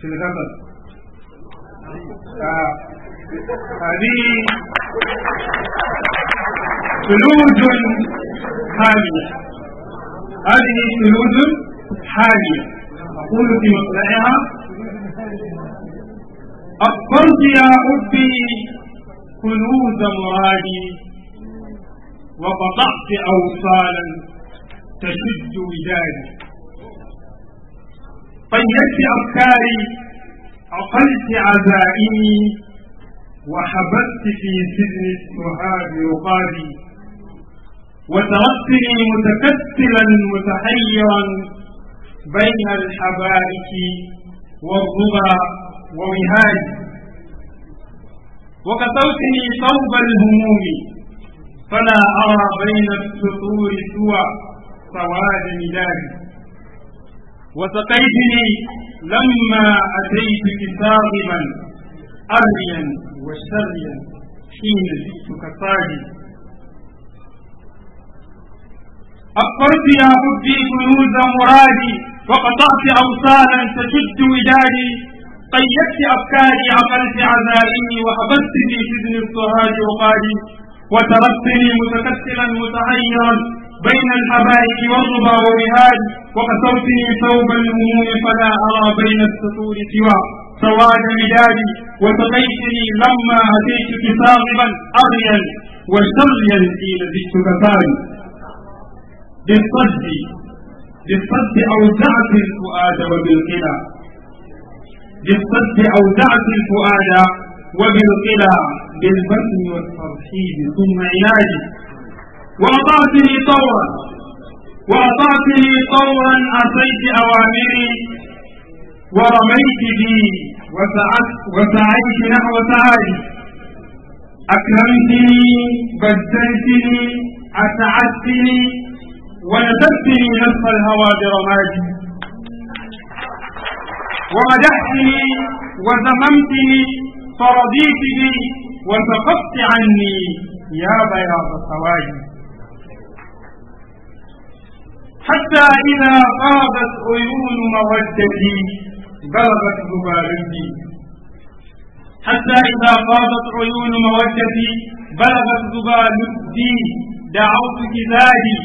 في الغضب هذه ثلوج حالية هذه ثلوج حالية أقول في مطلعها أقبلت يا ربي كنوز مرادي وقطعت أوصالا تشد ودادي طيبت أفكاري عقلت عزائمي وحبست في سجن السهاد رقادي وتركتني متكتلا متحيرا بين الحبائك والربا ووهاج وكسوتني صوب الهموم فلا أرى بين السطور سوى سواد ميلادي وسقيتني لما أتيت كتابا أريا وشريا حين جئتك صاغي أقرت يا حبي كنوز مرادي وقطعت أوصالا تشد ودادي قيدت أفكاري عقلت عزائمي وحفظت في سجن الصهاج وقالي وتركتني متكسلا متحيرا بين الحبائك والربا وبهاد وقسوتني ثوب الهموم فلا أرى بين السطور سوى سواد مدادي وتقيتني لما أتيتك صاغبا أريا وشريا في زدتك ثاني بالصد بالصد أوزعت الفؤاد وبالقلى بالصد أوزعت الفؤاد وبالقلى بالبذل والترحيب ثم عنادي وأطعتني طورا وأطعتني طورا أتيت أوامري ورميت بي وسعيت نحو سعادي أكرمتني بدلتني أسعدتني ونسبتني نصف الهوى برمادي ومدحتني وذممتني فرضيت بي وسقطت عني يا بياض السواد حتى إذا غابت عيون مودتي بلغت غبارتي حتى إذا غابت عيون مودتي بلغت غبارتي دعوت كذابي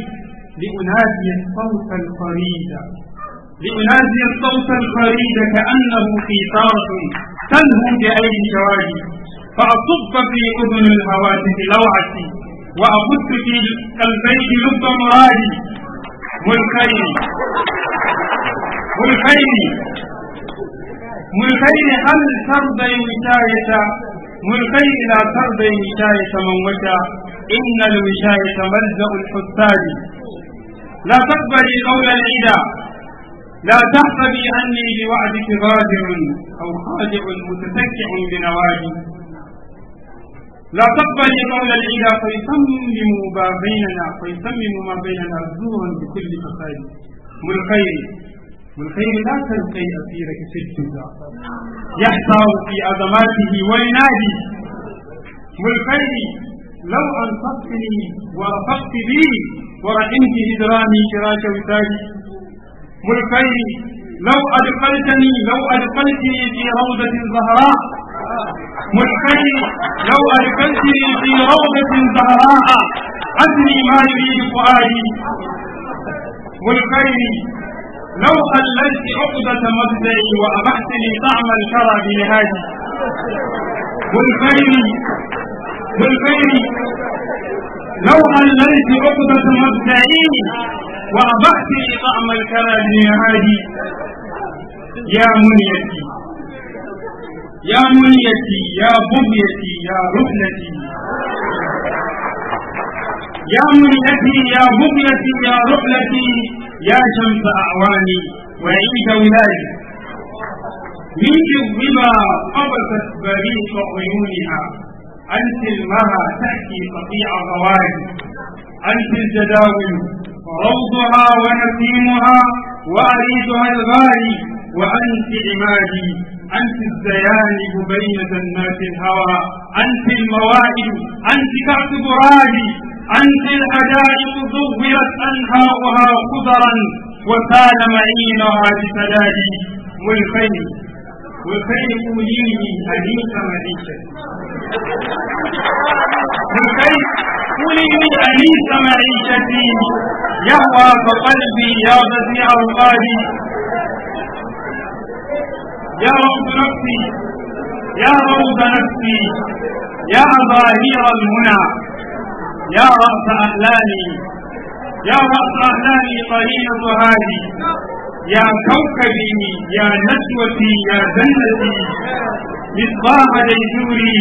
لأنادي الصوت الفريد لأنادي الصوت الفريد كأنه قيثارة تنهو بأي شواهد فأصب في أذن الهواتف لوعتي وأبث في قلبيه لب مرادي ملكين ملكين ملكين هل ترضي وشاية ملكين لا ترضي وشاية من وشى إن الوشاية ملجأ الحساد لا تقبلي قول العدا لا تحسبي أني بوعدك غادر أو خادع متسكع بنواجي لا تقبل لقول الا فيصمم ما بيننا فيصمم ما بيننا زورا بكل فساد والخير والخير لا تلقي أسيرك سجدا يحصر في أزماته وينادي والخير لو أنصفتني ورفقت بي ورحمت هجراني شراك وتاجي والخير لو أدخلتني لو أدخلتني في روضة الزهراء ملقي لو ألقيتني في روضة زهراء أدري ما يريد فؤادي ملقيني لو خللت عقدة مبدئي وأبحت لي طعم الكرى بنهادي ملقيني ملقيني لو خللت عقدة مبدئي وأبحت لي طعم الكرى بنهادي يا منيتي يا منيتي يا بغيتي يا ركنتي يا منيتي يا بغيتي يا ركنتي يا شمس أعواني وعيد ولادي منك بما قبضت بريق عيونها أنت المها تأتي قطيع ضواري أنت الجداول روضها ونسيمها وأريدها الغالي وأنت عمادي أنت الزيانب بين جنات الهوى أنت الموائد أنت كعب براهي أنت الحدائق ضورت أنهارها خضرا وكان معينها بسلاهي والخير والخير أوليه أليس معيشة والخير أليس معيشتي يهوى فقلبي يا غزي أوقاتي يا روض نفسي يا روض نفسي يا ظاهر المنى يا رأس أهلالي يا رأس أهلالي طريقة هذه يا كوكبي يا نسوتي يا جنتي مصباح ديجوري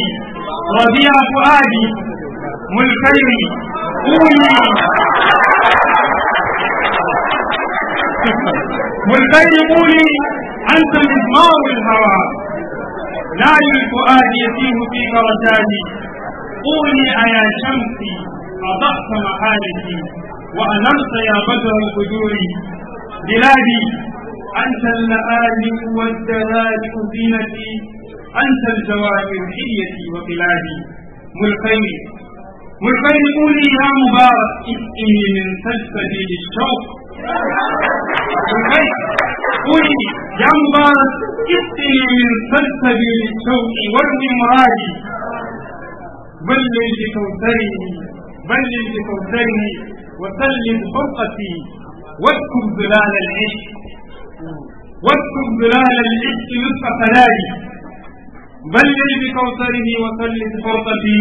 ربيع فؤادي ملكي قولي القصة والباقي مولي أنت مزمار الهوى لا للفؤاد يتيه في مرتادي قولي أيا شمسي أضعت محالتي وأنرت يا بدر القدور بلادي أنت اللآلئ والدلال زينتي أنت الجواهر حيتي وبلادي ملقيني والفرد قولي يا مبارك اسقني من سلسبي للشوق والفرد قولي يا مبارك اسقني من سلسبي للشوق وارمي مرادي بلل بكوثره بلل بكوثره وسلم فرقتي واذكر ظلال العشق واذكر ظلال العشق نصف سلالي بلل بكوثره وسلم فرقتي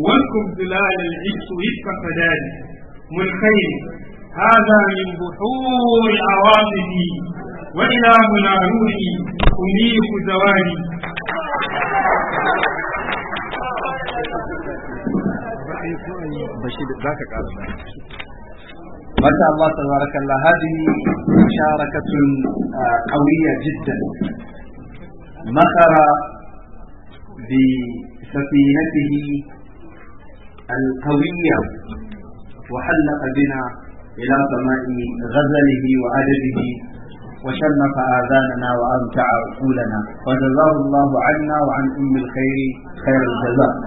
والكم ظلال العشق وفق فداني من خير هذا من بحور عواطفي وإلى منى روحي أنيق زوالي ما شاء الله تبارك الله هذه مشاركة آه، قوية جدا مخر بسفينته القوية وحلق بنا إلى سماء غزله وعدده وشمس آذاننا وأمتع عقولنا وجزاه الله عنا وعن أم الخير خير الجزاء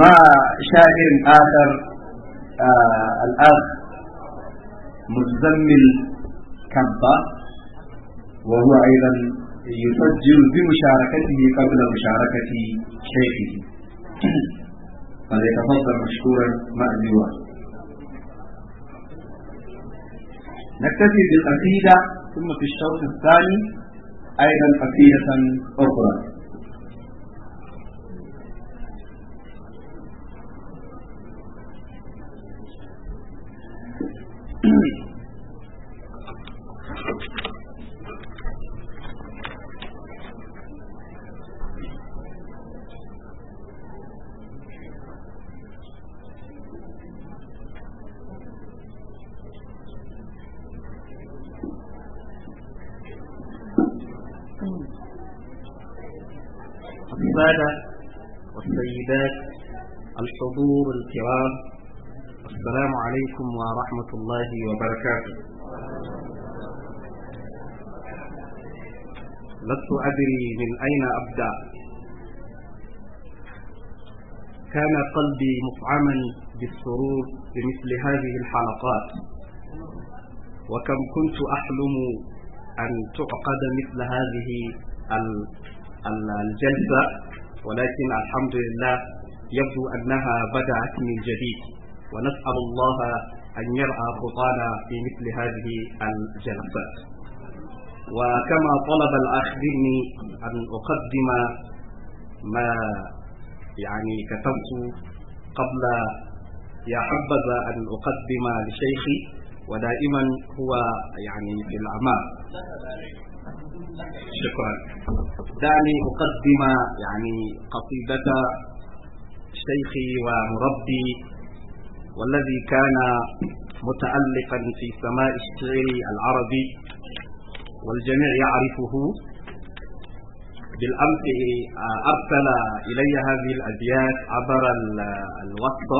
ما شاهد آخر آه الأخ مزمل كبة وهو أيضا يفجر بمشاركته قبل مشاركة شيخه فليتفضل مشكورا مأجورا نكتفي بالقصيدة ثم في الشوط الثاني أيضا قصيدة أخرى أخرى Mm-hmm. السادة والسيدات الحضور الكرام السلام عليكم ورحمة الله وبركاته لست أدري من أين أبدأ كان قلبي مفعما بالسرور بمثل هذه الحلقات وكم كنت أحلم أن تعقد مثل هذه الجلسة ولكن الحمد لله يبدو أنها بدأت من جديد ونسأل الله أن يرعى خطانا في مثل هذه الجلسات وكما طلب الأخ مني أن أقدم ما يعني كتبت قبل يا حبذا أن أقدم لشيخي ودائما هو يعني في الأعمال شكرا دعني أقدم يعني قصيدة شيخي ومربي والذي كان متألقا في سماء الشعر العربي والجميع يعرفه بالأمس أرسل إلي هذه الأبيات عبر الوسط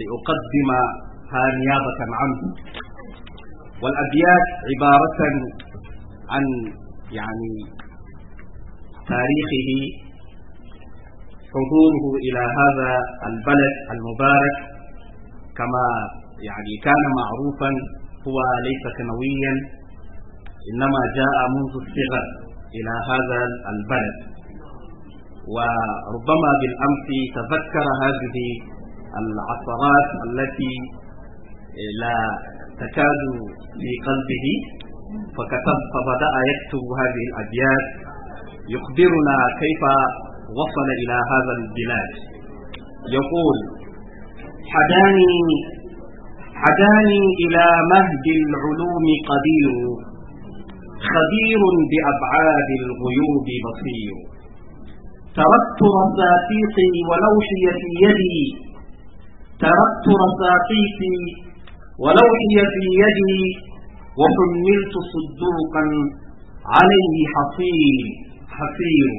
لأقدم نيابة عنه والأبيات عبارة عن يعني تاريخه حضوره إلى هذا البلد المبارك كما يعني كان معروفا هو ليس سنويا إنما جاء منذ الصغر إلى هذا البلد وربما بالأمس تذكر هذه العصرات التي لا تكاد في قلبه فكتب فبدأ يكتب هذه الأبيات يخبرنا كيف وصل إلى هذا البلاد يقول حداني حداني إلى مهد العلوم قدير خبير بأبعاد الغيوب بصير تركت رصاصيقي ولوحي في يدي تركت رصاصيقي ولوحي في يدي وحملت صدوقا عليه حصير حصير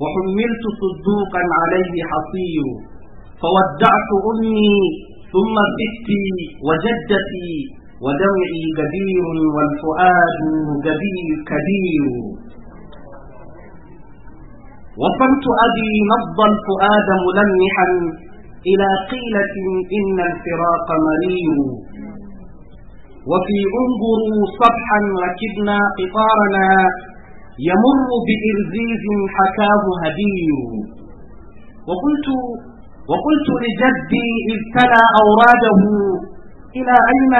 وحملت صدوقا عليه حصير فودعت أمي ثم بنتي وجدتي ودمعي كبير والفؤاد كبير كبير وصلت أبي نبض الفؤاد ملمحا إلى قيلة إن الفراق مرير وفي انظر صبحا ركبنا قطارنا يمر بإرزيز حكاه هدي وقلت وقلت لجدي إذ تلا أوراده إلى أين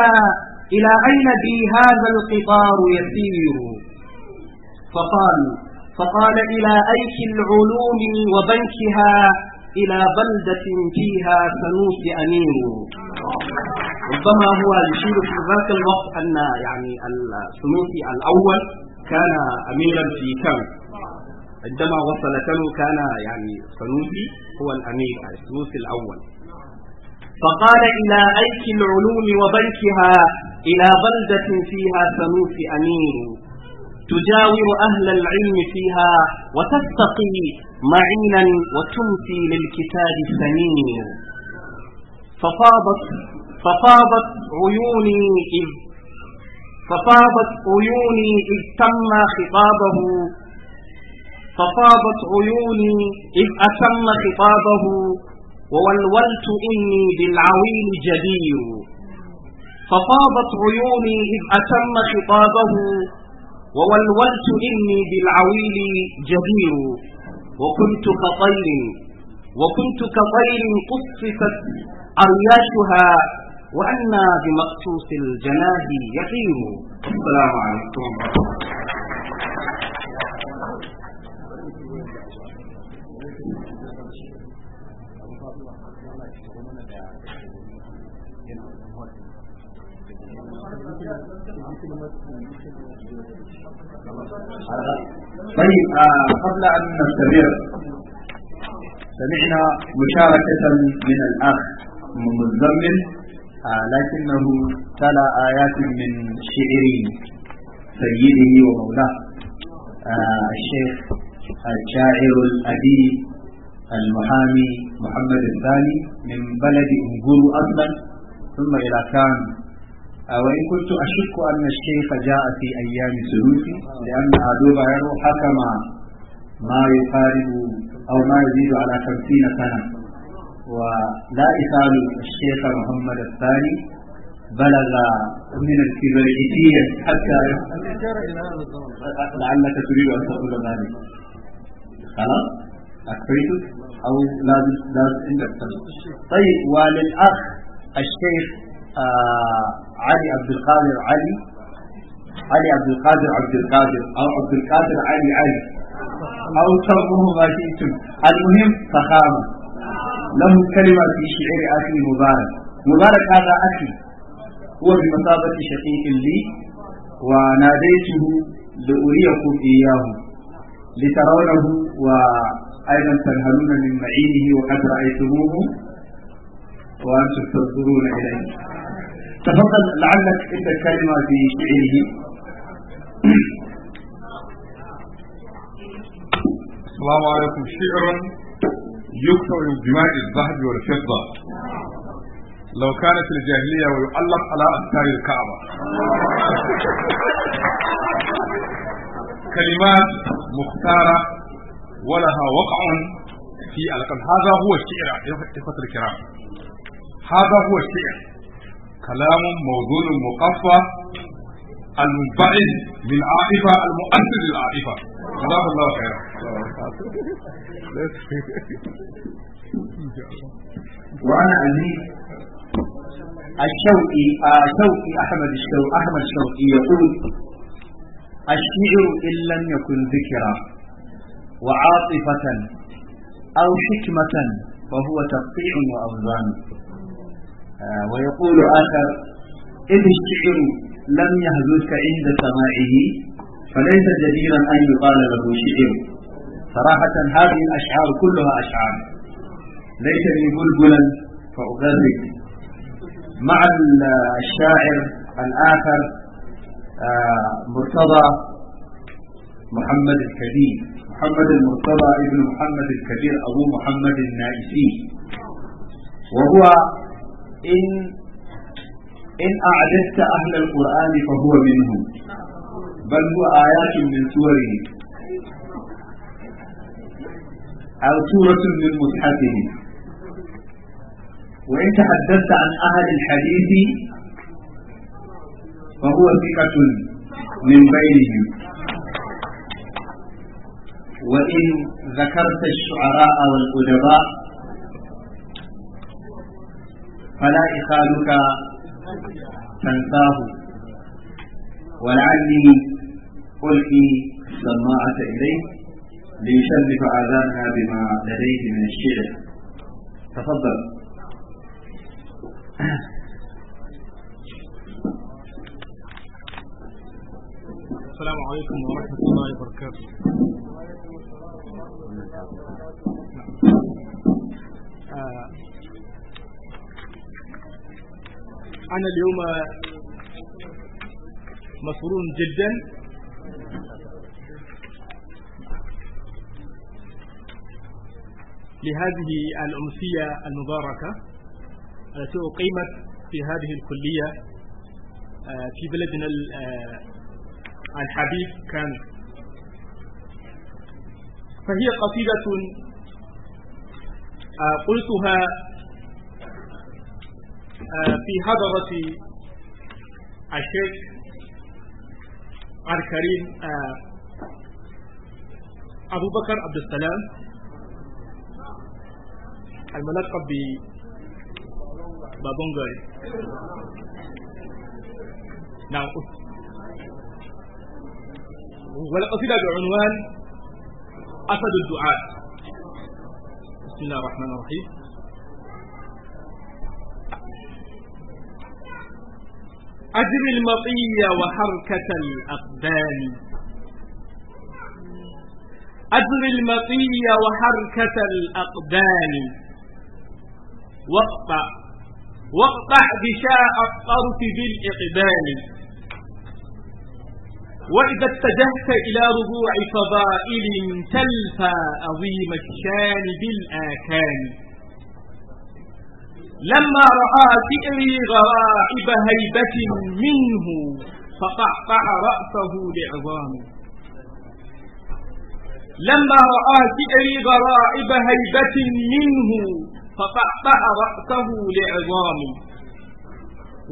إلى أين بي هذا القطار يسير فقال فقال إلى أيك العلوم وبنكها إلى بلدة فيها سنوس أمير ربما هو يشير في ذاك الوقت أن يعني السنوسي الأول كان أميرا في كم عندما وصل كانو كان يعني سنوسي هو الأمير السنوسي الأول فقال إلى أيك العلوم وبنكها إلى بلدة فيها سنوسي أمير تجاور أهل العلم فيها وتستقي معينا وتمسي للكتاب السمين ففاضت ففاضت عيوني إذ ففاضت عيوني إذ تم خطابه ففاضت عيوني إذ أتم خطابه وولولت إني بالعويل جدير ففاضت عيوني إذ أتم خطابه وولولت إني بالعويل جدير وكنت كطير وكنت كطير قصفت أرياشها وأنا بمقصوص الجناه يقيم السلام عليكم طيب آه، قبل أن نستمر سمعنا مشاركة من الأخ ممزمل آه، لكنه تلا آيات من شعر سيده ومولاه آه، الشيخ الشاعر الأديب المحامي محمد الثاني من بلد أنجور أصلا ثم إلى كان آه، وإن كنت أشك أن الشيخ جاء في أيام سلوكي لأن أدوب حكم ما يقارب أو ما يزيد على خمسين سنة ولا يسأل الشيخ محمد الثاني بلغ من الكبر كثير حتى لعلك تريد أن تقول ذلك خلاص أكفيتك أو لازم لازم عندك طيب وللأخ الشيخ آه علي عبد القادر علي علي عبد القادر عبد القادر أو عبد القادر علي علي أو سموه ما شئتم المهم فخامة له كلمة في شعر أخي مبارك مبارك هذا أخي هو بمثابة شقيق لي وناديته لأريكم إياه لترونه وأيضا تنهلون من معينه وقد رأيتموه وأنتم تنظرون إليه تفضل لعلك أنت كلمة في شعره السلام عليكم شعرا يكثر من دماء الذهب والفضة لو كانت الجاهلية ويعلق على أفكار الكعبة كلمات مختارة ولها وقع في القلب هذا هو الشعر إخوة الكرام هذا هو الشعر كلام موزون مقفى المنبعث من عائفة المؤثر للعائفة جزاك الله خيرا وانا امير الشوقي آه، شوقي احمد الشوقي احمد الشوقي يقول الشعر ان لم يكن ذكرا وعاطفه او حكمه فهو تقطيع واوزان آه، ويقول اخر ان الشعر لم يهزك عند سماعه فليس جديرا ان يقال له شعر صراحة هذه الأشعار كلها أشعار ليس لي بلبلا فأغرد مع الشاعر الآخر آه، مرتضى محمد الكبير محمد المرتضى ابن محمد الكبير أبو محمد النائسي وهو إن إن أعددت أهل القرآن فهو منهم بل هو آيات من سوره أو سورة من مصحفه وإن تحدثت عن أهل الحديث فهو ثقة من بينهم وإن ذكرت الشعراء والأدباء فلا إخالك تنساه ولعلي ألقي سماعة إليه ليشرف آذانها بما لديه من الشعر تفضل السلام عليكم ورحمة الله وبركاته آه، أنا اليوم مسرور جدا لهذه الأمسية المباركة التي أقيمت في هذه الكلية آه، في بلدنا آه، الحبيب كان فهي قصيدة آه، قلتها في حضرة الشيخ الكريم أبو بكر عبد السلام الملقب ب بابونغاي نعم والقصيدة بعنوان أسد الدعاء بسم الله الرحمن الرحيم أجر المطية وحركة الأقدام أجر المطية وحركة الأقدام واقطع واقطع غشاء الطرف بالإقبال وإذا اتجهت إلى رجوع فضائل تلفى عظيم الشان بالآكان لما رأى فئري غرائب هيبة منه فقعقع رأسه لعظام لما رأى فئري غرائب هيبة منه فقطع رأسه لعظام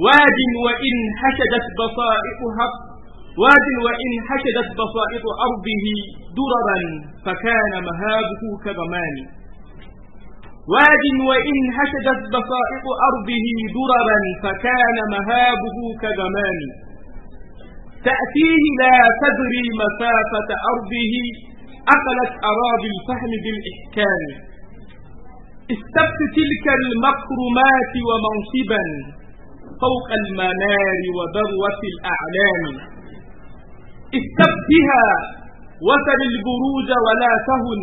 واد وإن حشدت بصائقها واد وإن حشدت بصائق أرضه دررا فكان مهابه كغمان واد وإن حشدت بصائق أرضه دررا فكان مهابه كغمان تأتيه لا تدري مسافة أرضه أقلت أراضي الفهم بالإحكام استبت تلك المكرمات ومنصبا فوق المنار وذروة الأعلام استبتها وسل البروج ولا تهن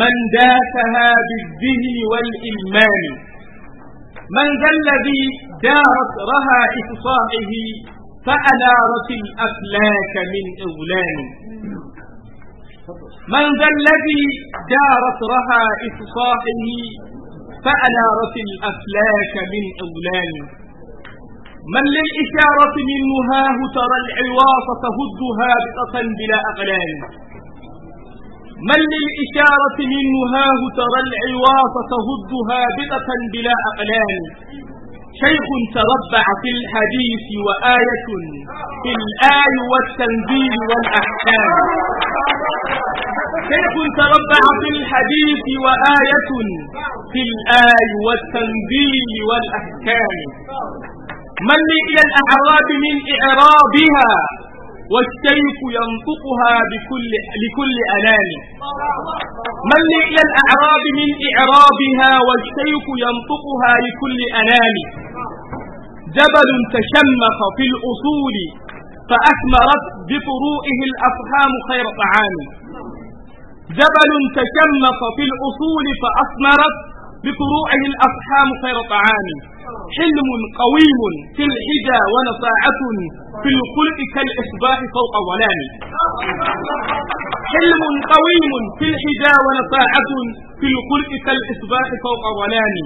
من داسها بالذهن والإلمان من ذا الذي دارت رها إفصاحه فأنارت الأفلاك من إظلام من ذا الذي جارت رهائف فألا فأنارت الأفلاك من أولان من للإشارة من مهاه ترى العواص تهدها هابطة بلا أغلال من للإشارة من مهاه ترى العواص تهدها هابطة بلا أغلال شيخ تربع في الحديث وآية في الآي والتنزيل والأحكام شيخ تربع في الحديث وآية في الآي والتنزيل والأحكام من إلى الأعراب من إعرابها والشيخ ينطقها بكل لكل أنام من إلى الأعراب من إعرابها والشيخ ينطقها لكل أنام جبل تشمخ في الأصول فأثمرت بطروئه الأفهام خير طعام جبل تشمخ في الأصول فأثمرت بفروعه الأفحام خير طعام حلم قويم في الحجى ونصاعة في الخلق كالإصباح فوق ظلام حلم قويم في الحجى ونصاعة في الخلق كالإصباح فوق ظلام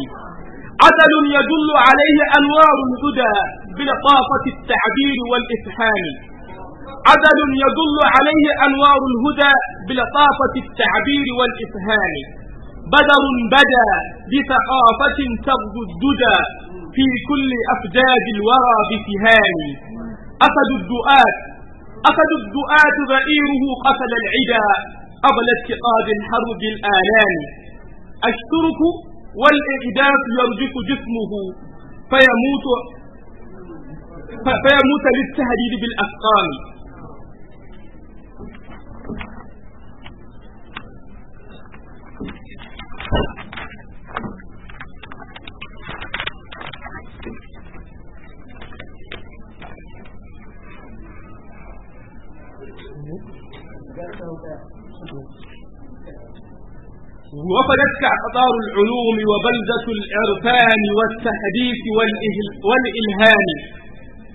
عدل يدل عليه أنوار الهدى بلطافة التعبير والإفهام عدل يدل عليه أنوار الهدى بلطافة التعبير والإفهام بدر بدا بثقافة تغدو الدجى في كل أفداد الورى بسهام أسد الدؤات أسد الدؤات بعيره قتل العدا قبل اتقاد الحرب الآلام الشرك والإعداف يرجف جسمه فيموت فيموت للتهديد بالأسقام وفدتك أقطار العلوم وبلدة العرفان والتحديث والإلهام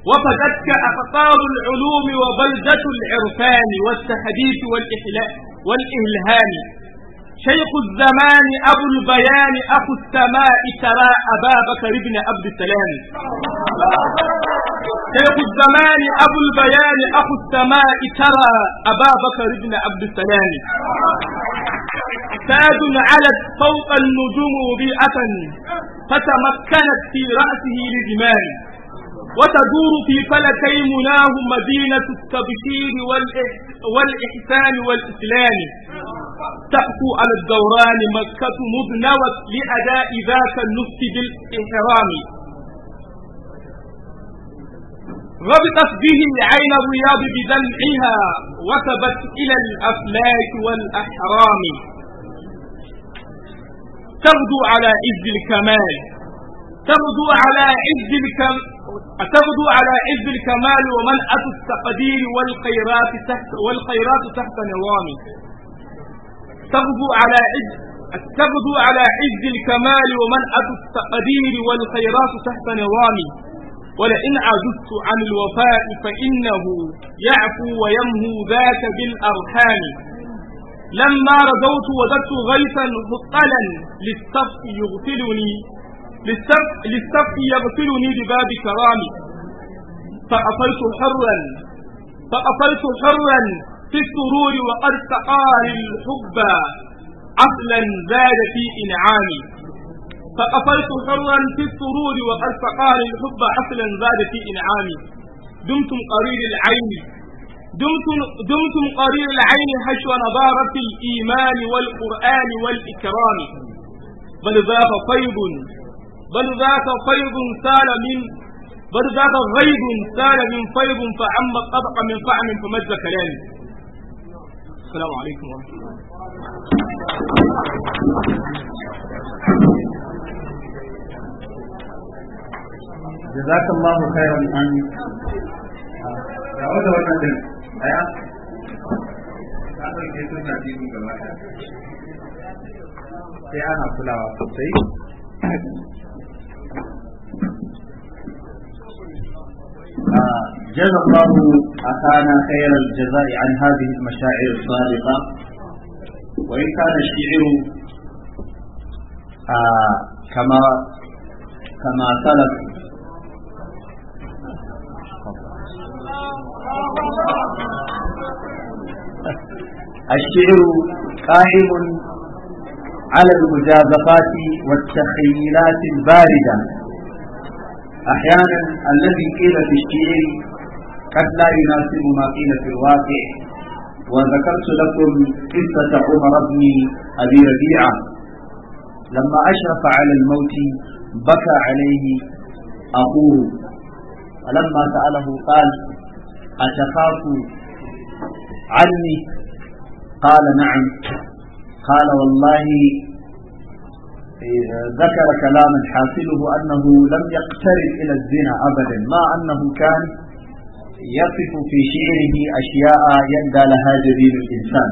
وفدتك أقطار العلوم وبلدة العرفان والتحديث والإلهام شيخ الزمان أبو البيان أخو السماء ترى أبا بكر بن عبد السلام شيخ الزمان أبو البيان أخو السماء ترى أبا بكر بن عبد السلام تاج علت فوق النجوم بيئه فتمكنت في رأسه لزمان وتدور في فلكي مناه مدينة التبشير والإحسان والإسلام تأتو على الدوران مكة مذنوة لأداء ذاك النفس بالإحرام ربطت به عين الرياض بدمعها وثبت إلى الأفلاك والأحرام تغدو على إذ الكمال تغدو على عز الكم على عز الكمال ومنأة التقدير والخيرات تحت والخيرات تحت نظامي تغدو على عز تغدو على عز الكمال ومنأة التقدير والخيرات تحت نظامي ولئن عجزت عن الوفاء فإنه يعفو ويمهو ذاك بالأرحام لما رجوت وجدت غيثا مثقلا للصف يغسلني للسقف يغسلني بباب كرامي فأصلت حرا فأصلت حرا في السرور وقد تقاري الحب عقلا زاد في إنعامي فأصلت حرا في السرور وقد تقاري الحب عقلا زاد في إنعامي دمتم قرير العين دمتم, دمتم قرير العين حشو نضارة الإيمان والقرآن والإكرام بل ذاق طيب بل ذاك فيض سال من بل ذاك غيب سال من فيض فعم الطبق من طعم فمد كلامي السلام عليكم ورحمة الله جزاك الله خيرا عن يعود وجدا ايا sai ana kulawa sosai جزا الله أخانا خير الجزاء عن هذه المشاعر الصادقة وإن كان الشعر آه، كما كما سلف الشعر قائم على المجازفات والتخيلات الباردة أحيانا الذي قيل في الشعر قد لا يناسب ما قيل في الواقع وذكرت لكم قصة عمر بن أبي ربيعة لما أشرف على الموت بكى عليه أخوه فلما سأله قال أتخاف عني قال نعم قال والله ذكر كلاما حاصله أنه لم يقترب إلى الزنا أبدا مع أنه كان يصف في شعره أشياء يندى لها جبين الإنسان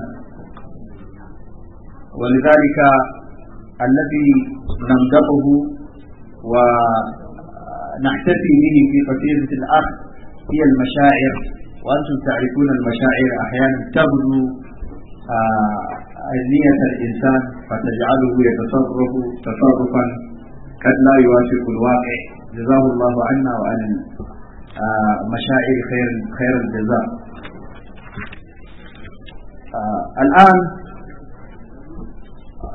ولذلك الذي نمدحه ونحتفي به في قصيدة الأخ هي المشاعر وأنتم تعرفون المشاعر أحيانا تبدو نية الإنسان فتجعله يتصرف تصرفا قد لا يوافق الواقع جزاه الله عنا وعن آه، مشاعر خير خير الجزاء آه، الآن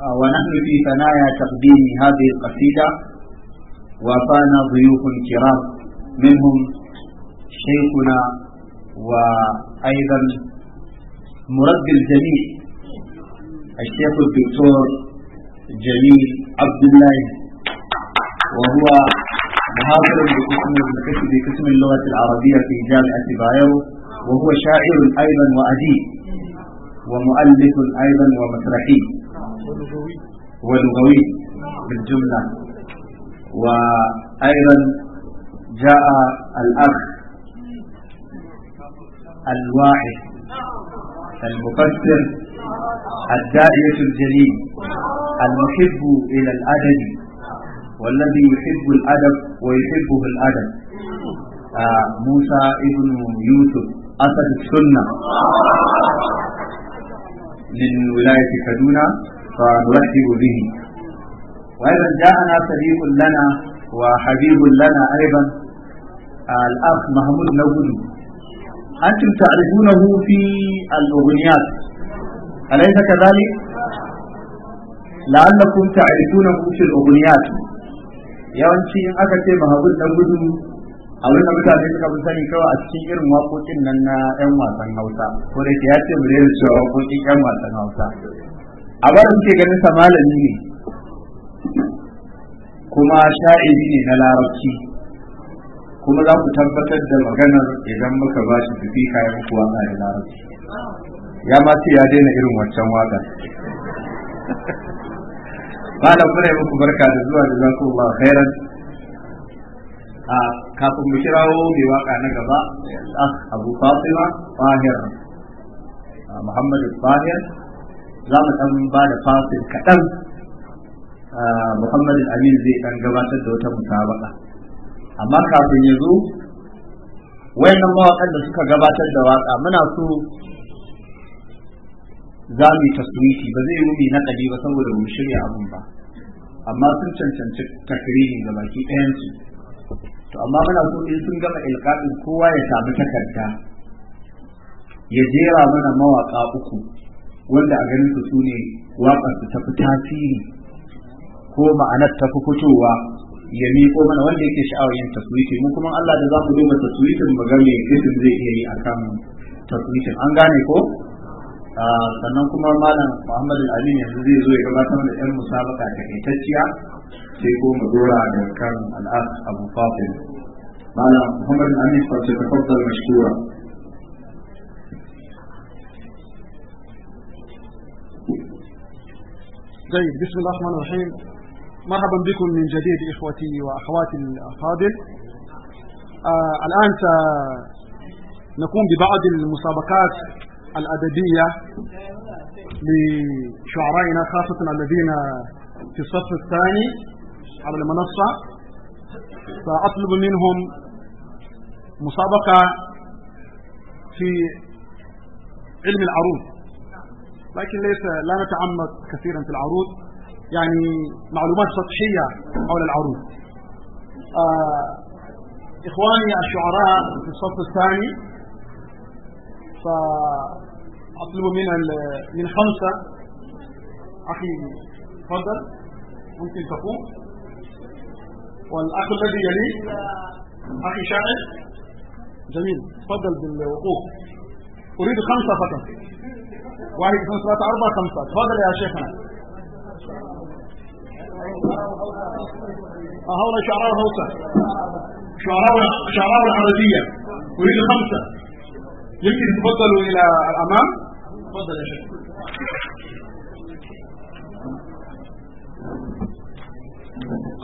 آه، ونحن في ثنايا تقديم هذه القصيدة وأفانا ضيوف كرام منهم شيخنا وأيضا مربي الجميع الشيخ الدكتور جميل عبد الله وهو محاضر بقسم بقسم اللغة العربية في جامعة بايرو وهو شاعر أيضا وأديب ومؤلف أيضا ومسرحي ولغوي بالجملة وأيضا جاء الأخ الواحد المفسر الداعية الجليل المحب إلى الأدب والذي يحب الأدب ويحبه الأدب آه موسى ابن يوسف أسد السنة من ولاية كدونة فنرحب به وأيضا جاءنا صديق لنا وحبيب لنا أيضا آه الأخ محمود نوبل أنتم تعرفونه في الأغنيات أليس كذلك؟ لعلكم تعرفونه في الأغنيات yawanci in aka ce mahabud dan gudu a wurin da mutane suka fi sani kawai a cikin irin waƙoƙin nan na 'yan wasan hausa ko ya ce mu rera cewa waƙoƙin 'yan wasan hausa a barin ke ganin sa malami ne kuma sha'iri ne na larabci kuma za ku tabbatar da maganar idan muka ba shi tafi kayan kuwa a larabci ya ma ce ya daina irin wancan waka malam muna yi muku barka da zuwa da zan kuma khairan a kafin mu kirawo mai waka na gaba abu fatima fahir muhammadu fahir za mu dan ba da fasir kaɗan muhammadu amin zai ɗan gabatar da wata musabaka amma kafin ya zo wayannan mawaƙan da suka gabatar da waka muna so za mu yi taswiti ba zai yi na ɗari ba saboda mu shirya abun ba amma sun cancanci ne ga baki ɗayansu to amma muna so in sun gama ilkaɗin kowa ya samu takarda ya jera mana mawaƙa uku wanda a ganin su ne waƙar su tafi tasiri ko ma'anar tafi fitowa ya miƙo mana wanda yake sha'awar yin taswiti mu kuma Allah da za mu duba taswitin mu ya me zai iya yi akan taswitin an gane ko sannan kuma malam Muhammad Al-Amin yanzu zai zo ya gabatar da ɗan musabaka ta kaitacciya sai ko mu dora da kan al'ad Abu Fatim malam Muhammad Al-Amin farce ta fadar mashkura جيد بسم الله الرحمن الرحيم مرحبا بكم من جديد إخوتي وأخواتي الأفاضل آه الآن سنقوم ببعض المسابقات الأدبية لشعرائنا خاصة الذين في الصف الثاني على المنصة فأطلب منهم مسابقة في علم العروض لكن ليس لا نتعمق كثيرا في العروض يعني معلومات سطحية حول العروض آه إخواني الشعراء في الصف الثاني فأطلب من من خمسة أخي تفضل ممكن تقوم والأخ الذي يليه أخي شاعر جميل تفضل بالوقوف أريد خمسة فقط واحد اثنين ثلاثة أربعة خمسة تفضل يا شيخنا هؤلاء شعراء الهوسة شعراء شعراء العربية أريد خمسة يمكن تفضلوا الى الامام تفضل يا شيخ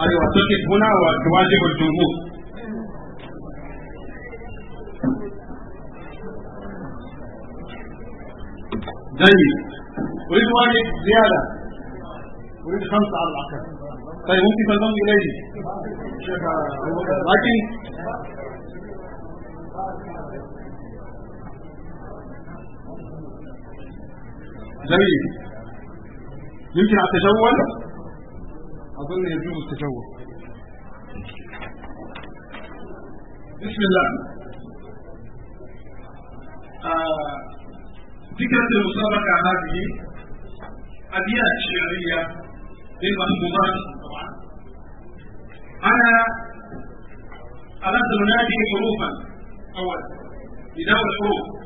ايوه تقف هنا وتواجه الجمهور جيد اريد واحد زياده اريد خمسه على الاقل طيب ممكن تنضم الي لكن جميل يمكن على التجول أظن يجوز التجول بسم الله آه فكرة المسابقة هذه أبيات شعرية للمحفوظات طبعا أنا أردت أنادي حروفا أولا بدور الحروف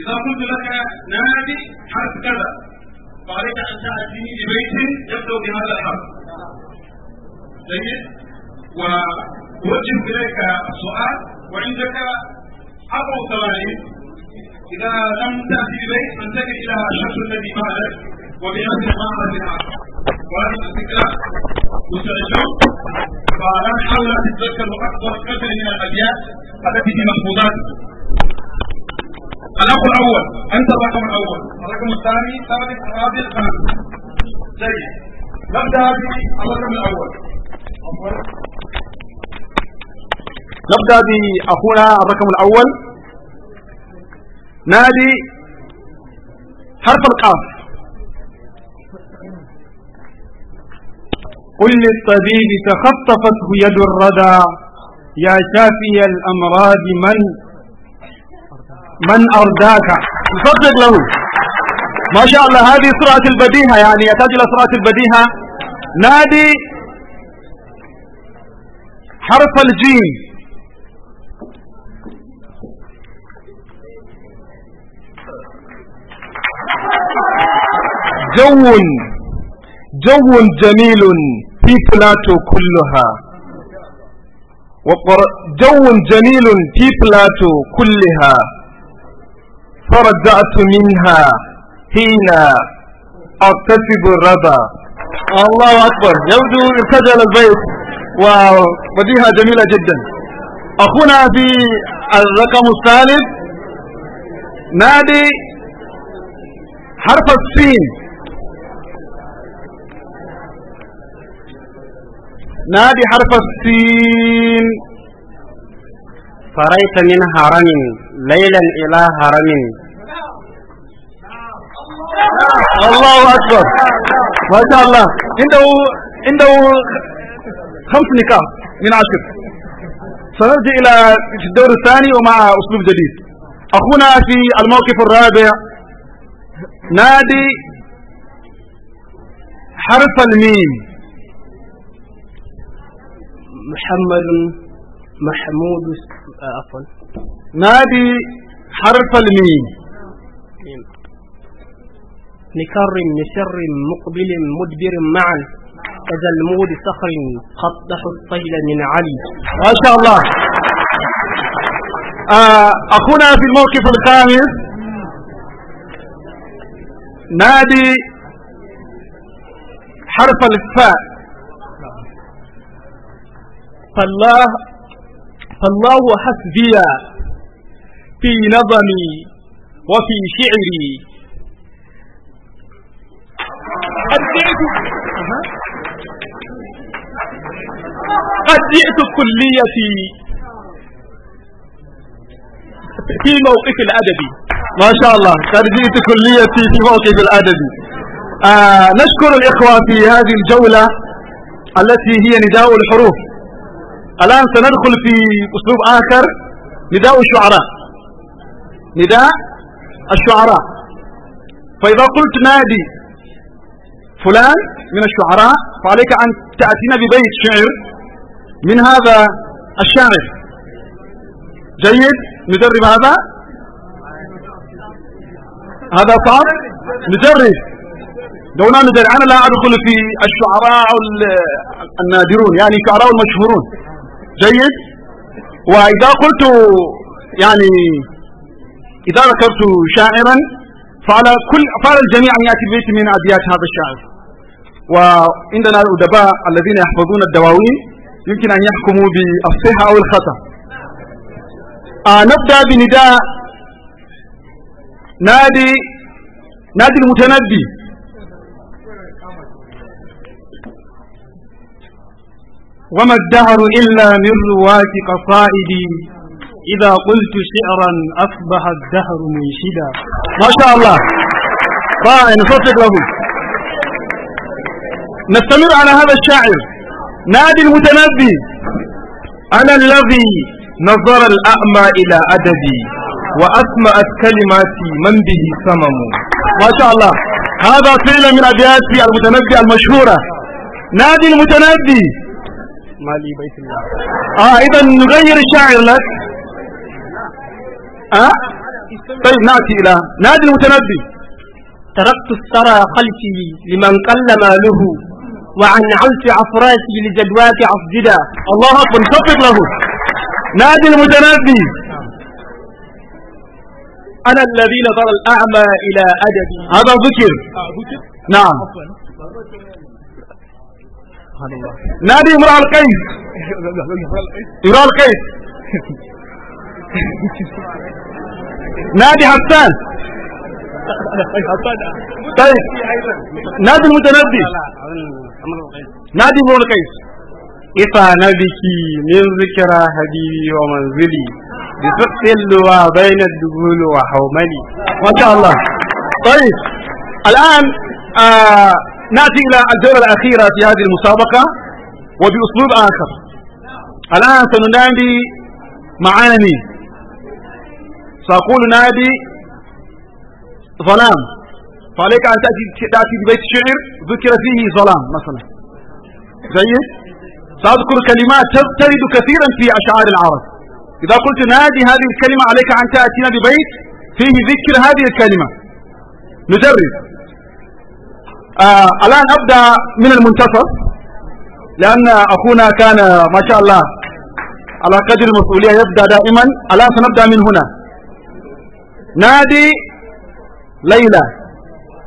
إذا قلت لك نادي حرف كذا فعليك أن تأتيني ببيت يبدأ بهذا الحرف جيد وأوجه إليك السؤال وعندك أربع ثواني إذا لم تأتي ببيت فانتقل إلى الشخص الذي بعدك وبهذه المعنى الآخر وهذه الفكرة مسترجعة فلا نحاول أن نتذكر وقت وقت من الأبيات التي في محفوظاتك الاخ الاول انت الرقم الاول الرقم الثاني ثالث الرابع الخامس جيد نبدا بالرقم الاول نبدا باخونا الرقم الاول نادي حرف القاف قل للطبيب تخطفته يد الردى يا شافي الامراض من من أرداك صدق له ما شاء الله هذه سرعة البديهة يعني يحتاج إلى سرعة البديهة نادي حرف الجيم جو جو جميل في بلاتو كلها وقر جو جميل في بلاتو كلها فرجعت منها حين أكتسب الرضا الله أكبر يبدو ارتجل البيت وبديهة جميلة جدا أخونا في الرقم الثالث نادي حرف السين نادي حرف السين فريت من هرم ليلا إلى هرم الله أكبر ما شاء الله عنده عنده خمس نقاط من عشر سنرجع إلى في الدور الثاني ومع أسلوب جديد أخونا في الموقف الرابع نادي حرف الميم محمد محمود آه، عفوا نادي حرف الميم لكر نشر مقبل مدبر معا كزلمود صخر قطح الطيل من علي ما شاء الله آه، أخونا في الموقف الخامس نادي حرف الفاء فالله الله حسبي في نظمي وفي شعري قد جئت كليتي في موقف الادبي ما شاء الله قد جئت كليتي في موقف الادبي آه نشكر الإخوة في هذه الجولة التي هي نداء الحروف الآن سندخل في أسلوب آخر نداء الشعراء نداء الشعراء فإذا قلت نادي فلان من الشعراء فعليك أن تأتينا ببيت شعر من هذا الشاعر جيد نجرب هذا هذا صعب نجرب دونا نجرب أنا لا أدخل في الشعراء النادرون يعني الشعراء المشهورون جيد وإذا قلت يعني إذا ذكرت شاعرا فعلى كل فعلى الجميع أن يأتي بيت من أبيات هذا الشاعر وعندنا الأدباء الذين يحفظون الدواوين يمكن أن يحكموا بالصحة أو الخطأ آه نبدأ بنداء نادي نادي المتنبي وما الدهر إلا من رواة قصائدي إذا قلت شعرا أصبح الدهر منشدا ما شاء الله رائع نصدق له نستمر على هذا الشاعر نادي المتنبي أنا الذي نظر الأعمى إلى أدبي وأسمعت كلماتي من به سمم ما شاء الله هذا فعل من أبيات المتنبي المشهورة نادي المتنبي ما لي بيت الله اه اذا نغير الشاعر لك اه طيب ناتي الى نادي المتنبي تركت الثرى خلفي لمن قل ماله وعن علف عفراتي لجدوات عصجدا الله اكبر خفض له نادي المتنبي انا الذي نظر الاعمى الى ادبي هذا ذكر آه، نعم نادي امرأة القيس امرأة القيس نادي حسان طيب نادي المتنبي نادي امرأة القيس إفا بك من ذكرى حبيبي ومنزلي بسقط اللواء بين الدخول وحوملي ما شاء الله طيب الآن آه نأتي إلى الجولة الأخيرة في هذه المسابقة وبأسلوب آخر الآن سننادي معاني سأقول نادي ظلام فعليك أن تأتي, تأتي ببيت شعر ذكر فيه ظلام مثلا جيد سأذكر كلمات ترد كثيرا في أشعار العرب إذا قلت نادي هذه الكلمة عليك أن تأتينا ببيت فيه ذكر هذه الكلمة نجرب آه الآن أبدأ من المنتصف لأن أخونا كان ما شاء الله على قدر المسؤولية يبدأ دائما الآن سنبدأ من هنا نادي ليلى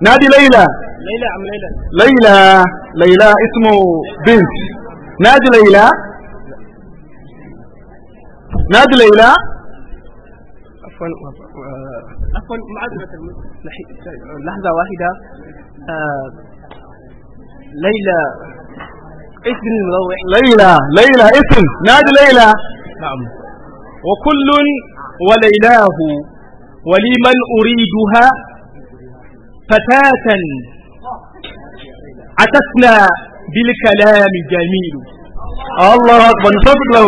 نادي ليلى ليلى أم ليلى ليلى ليلى اسمه بنت نادي ليلى نادي ليلى عفوا عفوا معذرة لحظة واحدة آه ليلى اسم المروع ليلى ليلى اسم نادي ليلى نعم وكل وليلاه ولمن أريدها فتاة أتتنا بالكلام جميل الله أكبر نصدق له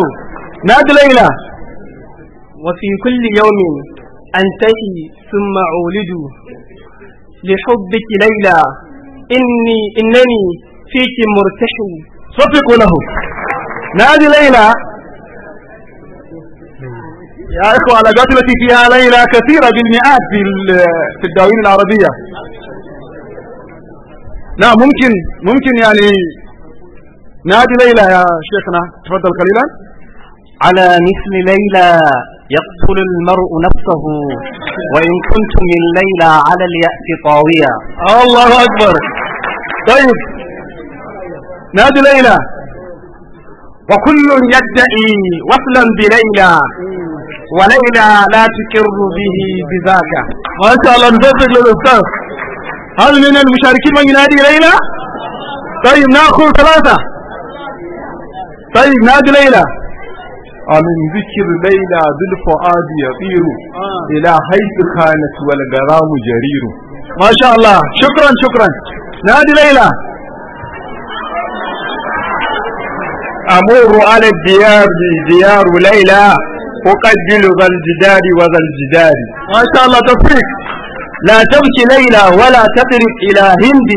نادي ليلى وفي كل يوم أنتهي ثم أولد لحبك ليلى إني إنني فيك مرتح صدق له نادي ليلى يا إخوة على التي فيها ليلى كثيرة بالمئات في في الدواوين العربية لا ممكن ممكن يعني نادي ليلى يا شيخنا تفضل قليلا على مثل ليلى يقتل المرء نفسه وإن كنت من ليلى على اليأس طاوية الله أكبر طيب نادي ليلى وكل يدعي وصلا بليلى وليلى لا تكر به بذاك ما شاء الله نفسك للأستاذ هل من المشاركين من ينادي ليلى؟ طيب ناخذ ثلاثة طيب نادي ليلى ومن ذكر ليلى بالفؤاد يطير آه. إلى حيث كانت والغرام جرير ما شاء الله شكرا شكرا نادي ليلى أمر على الديار ديار ليلى أقدل ذا الجدار وذا الجدار ما شاء الله تفريق لا تبكي ليلى ولا تقرب إلى هند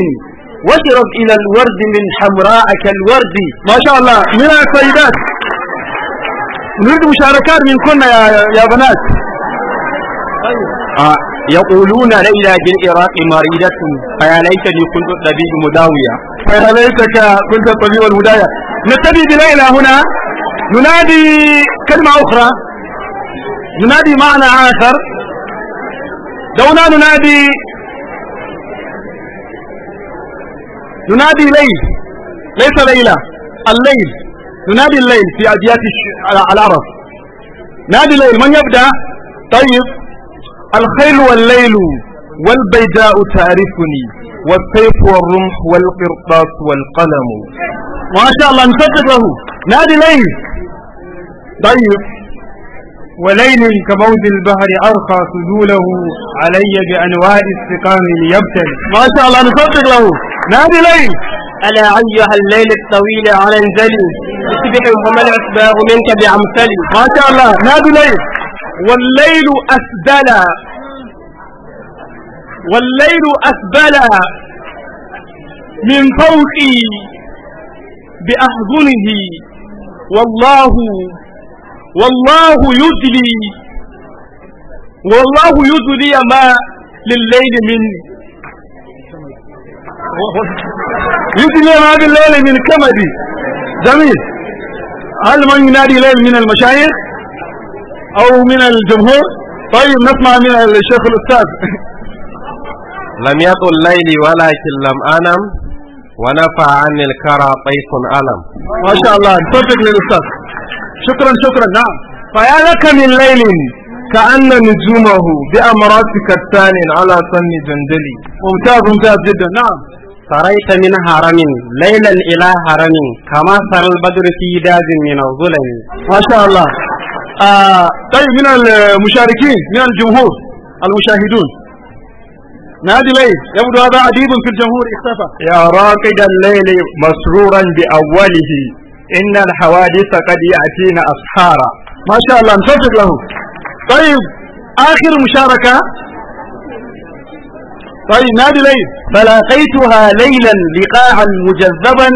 واشرب إلى الورد من حمراء كالورد ما شاء الله من السيدات نريد مشاركات منكن يا يا بنات طيب. آه يقولون ليلى بالعراق مريضة فيا ليتني كنت طبيب مداوية فيا ليتك كنت طبيب المداوية نبتدي بليلى هنا ننادي كلمة أخرى ننادي معنى آخر دونا ننادي ننادي ليل ليس ليلى الليل ننادي الليل في أبيات العرب نادي الليل من يبدأ طيب الخيل والليل والبيداء تعرفني والسيف والرمح والقرطاس والقلم ما شاء الله نصدق له نادي ليل طيب وليل كموج البحر أرخى سجوله علي بأنواع السقام ليبتل ما شاء الله نصدق له نادي ليل ألا أيها الليل الطويل على انزلي وما منك بعمثلي ما شاء الله نادوا ليل والليل أسبلا والليل أسبلا من فوقي بأحضنه والله والله يدلي والله يدلي ما لليل من يدلي ما بالليل من كمدي جميل هل من ينادي ليل من المشايخ أو من الجمهور طيب نسمع من الشيخ الأستاذ لم يطل ليلي ولكن لم أنم ونفع عني الكرى طيف ألم ما شاء الله نصدق للأستاذ شكرا شكرا نعم فيا لك من ليل كأن نجومه بأمراتك الثاني على سن جندلي ممتاز ممتاز جدا نعم سريت من هرم ليلا إلى هرم كما سر البدر في داز من الظلم ما شاء الله آه طيب من المشاركين من الجمهور المشاهدون نادي ليل يبدو هذا عديد في الجمهور اختفى يا راقد الليل مسرورا بأوله إن الحوادث قد يأتينا أسحارا ما شاء الله نصدق له طيب آخر مشاركة طيب نادي ليل فلاقيتها ليلا لقاعا مجذبا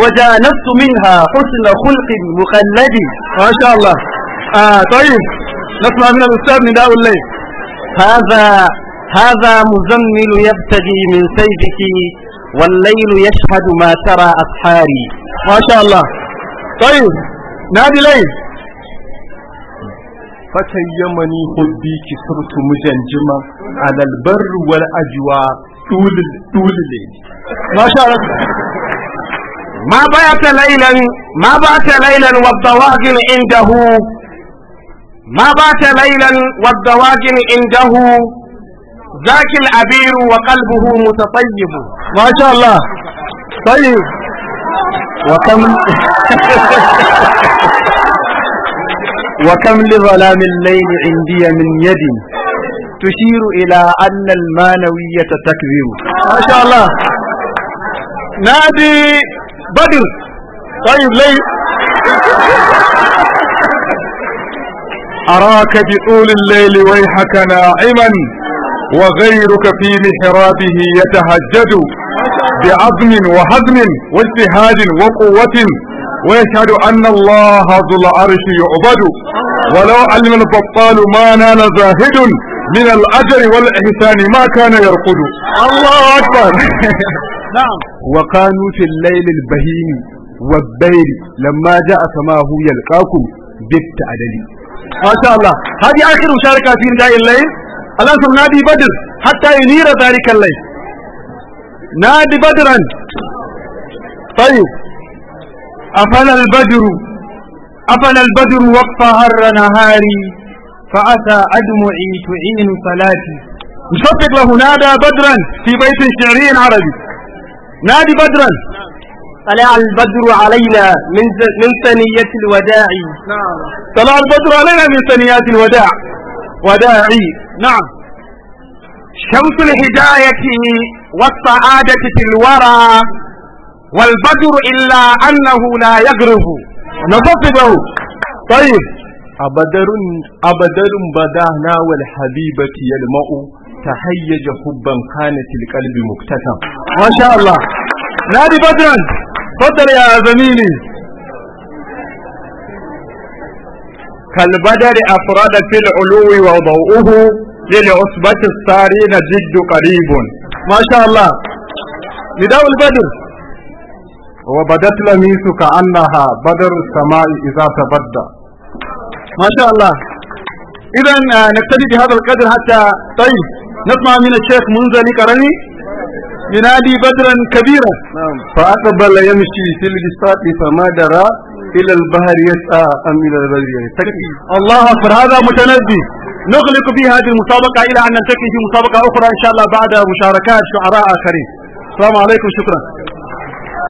وجانبت منها حسن خلق مخلد ما شاء الله آه طيب نسمع من الأستاذ نداء الليل هذا هذا مزمل يبتدي من سيفك والليل يشهد ما ترى أصحاري ما شاء الله طيب نادي ليل فتيمني yamani hubbi ki surtu mujan jima alal طول طول ajwa dulil dulile masha ما بات ليلا ما بات ليلا والضواجن عنده ما بات ليلا والضواجن عنده ذاك العبير وقلبه متطيب ما شاء الله طيب وكم وكم لظلام الليل عندي من يد تشير إلى أن المانوية تكذب ما شاء الله نادي بدر طيب ليل أراك بطول الليل ويحك ناعما وغيرك في محرابه يتهجد بعظم وهضم واجتهاد وقوة ويشهد أن الله ذو العرش يعبد ولو علم البطال ما نال زاهد من الأجر والإحسان ما كان يرقد الله أكبر نعم وقالوا في الليل البهيم والبير لما جاء سماه يلقاكم بالتعدل ما شاء الله هذه آخر مشاركة في نداء الليل الآن نادي بدر حتى ينير ذلك الليل نادي بدرا طيب أفل البدر أفل البدر وقف هر نهاري فأتى أدمعي تعين صلاتي نشفق له نادى بدرا في بيت شعري عربي نادي بدرا طلع البدر علينا من من ثنية الوداع نعم طلع البدر علينا من ثنيات الوداع وداعي نعم شمس الهداية والسعادة في الورى والبدر إلا أنه لا يغرب نفطبه طيب أبدر أبدر بدانا والحبيبة يلمع تهيج حبا كانت القلب مكتسم ما شاء الله نادي بدرا بدر يا زميلي كالبدر أفراد في العلو وضوءه للعصبة الصارين جد قريب ما شاء الله نداء البدر وبدت لميس كأنها بدر السماء إذا تبدى ما شاء الله إذا آه، نقتدي بهذا القدر حتى طيب نسمع من الشيخ منزلي كرمي ينادي بدرا كبيرا نعم. فأقبل يمشي في الجسات فما درى إلى البحر يسعى أم إلى البر يتكي الله أكبر هذا متنبي نغلق في هذه المسابقة إلى أن نلتقي في مسابقة أخرى إن شاء الله بعد مشاركات شعراء آخرين السلام عليكم شكرا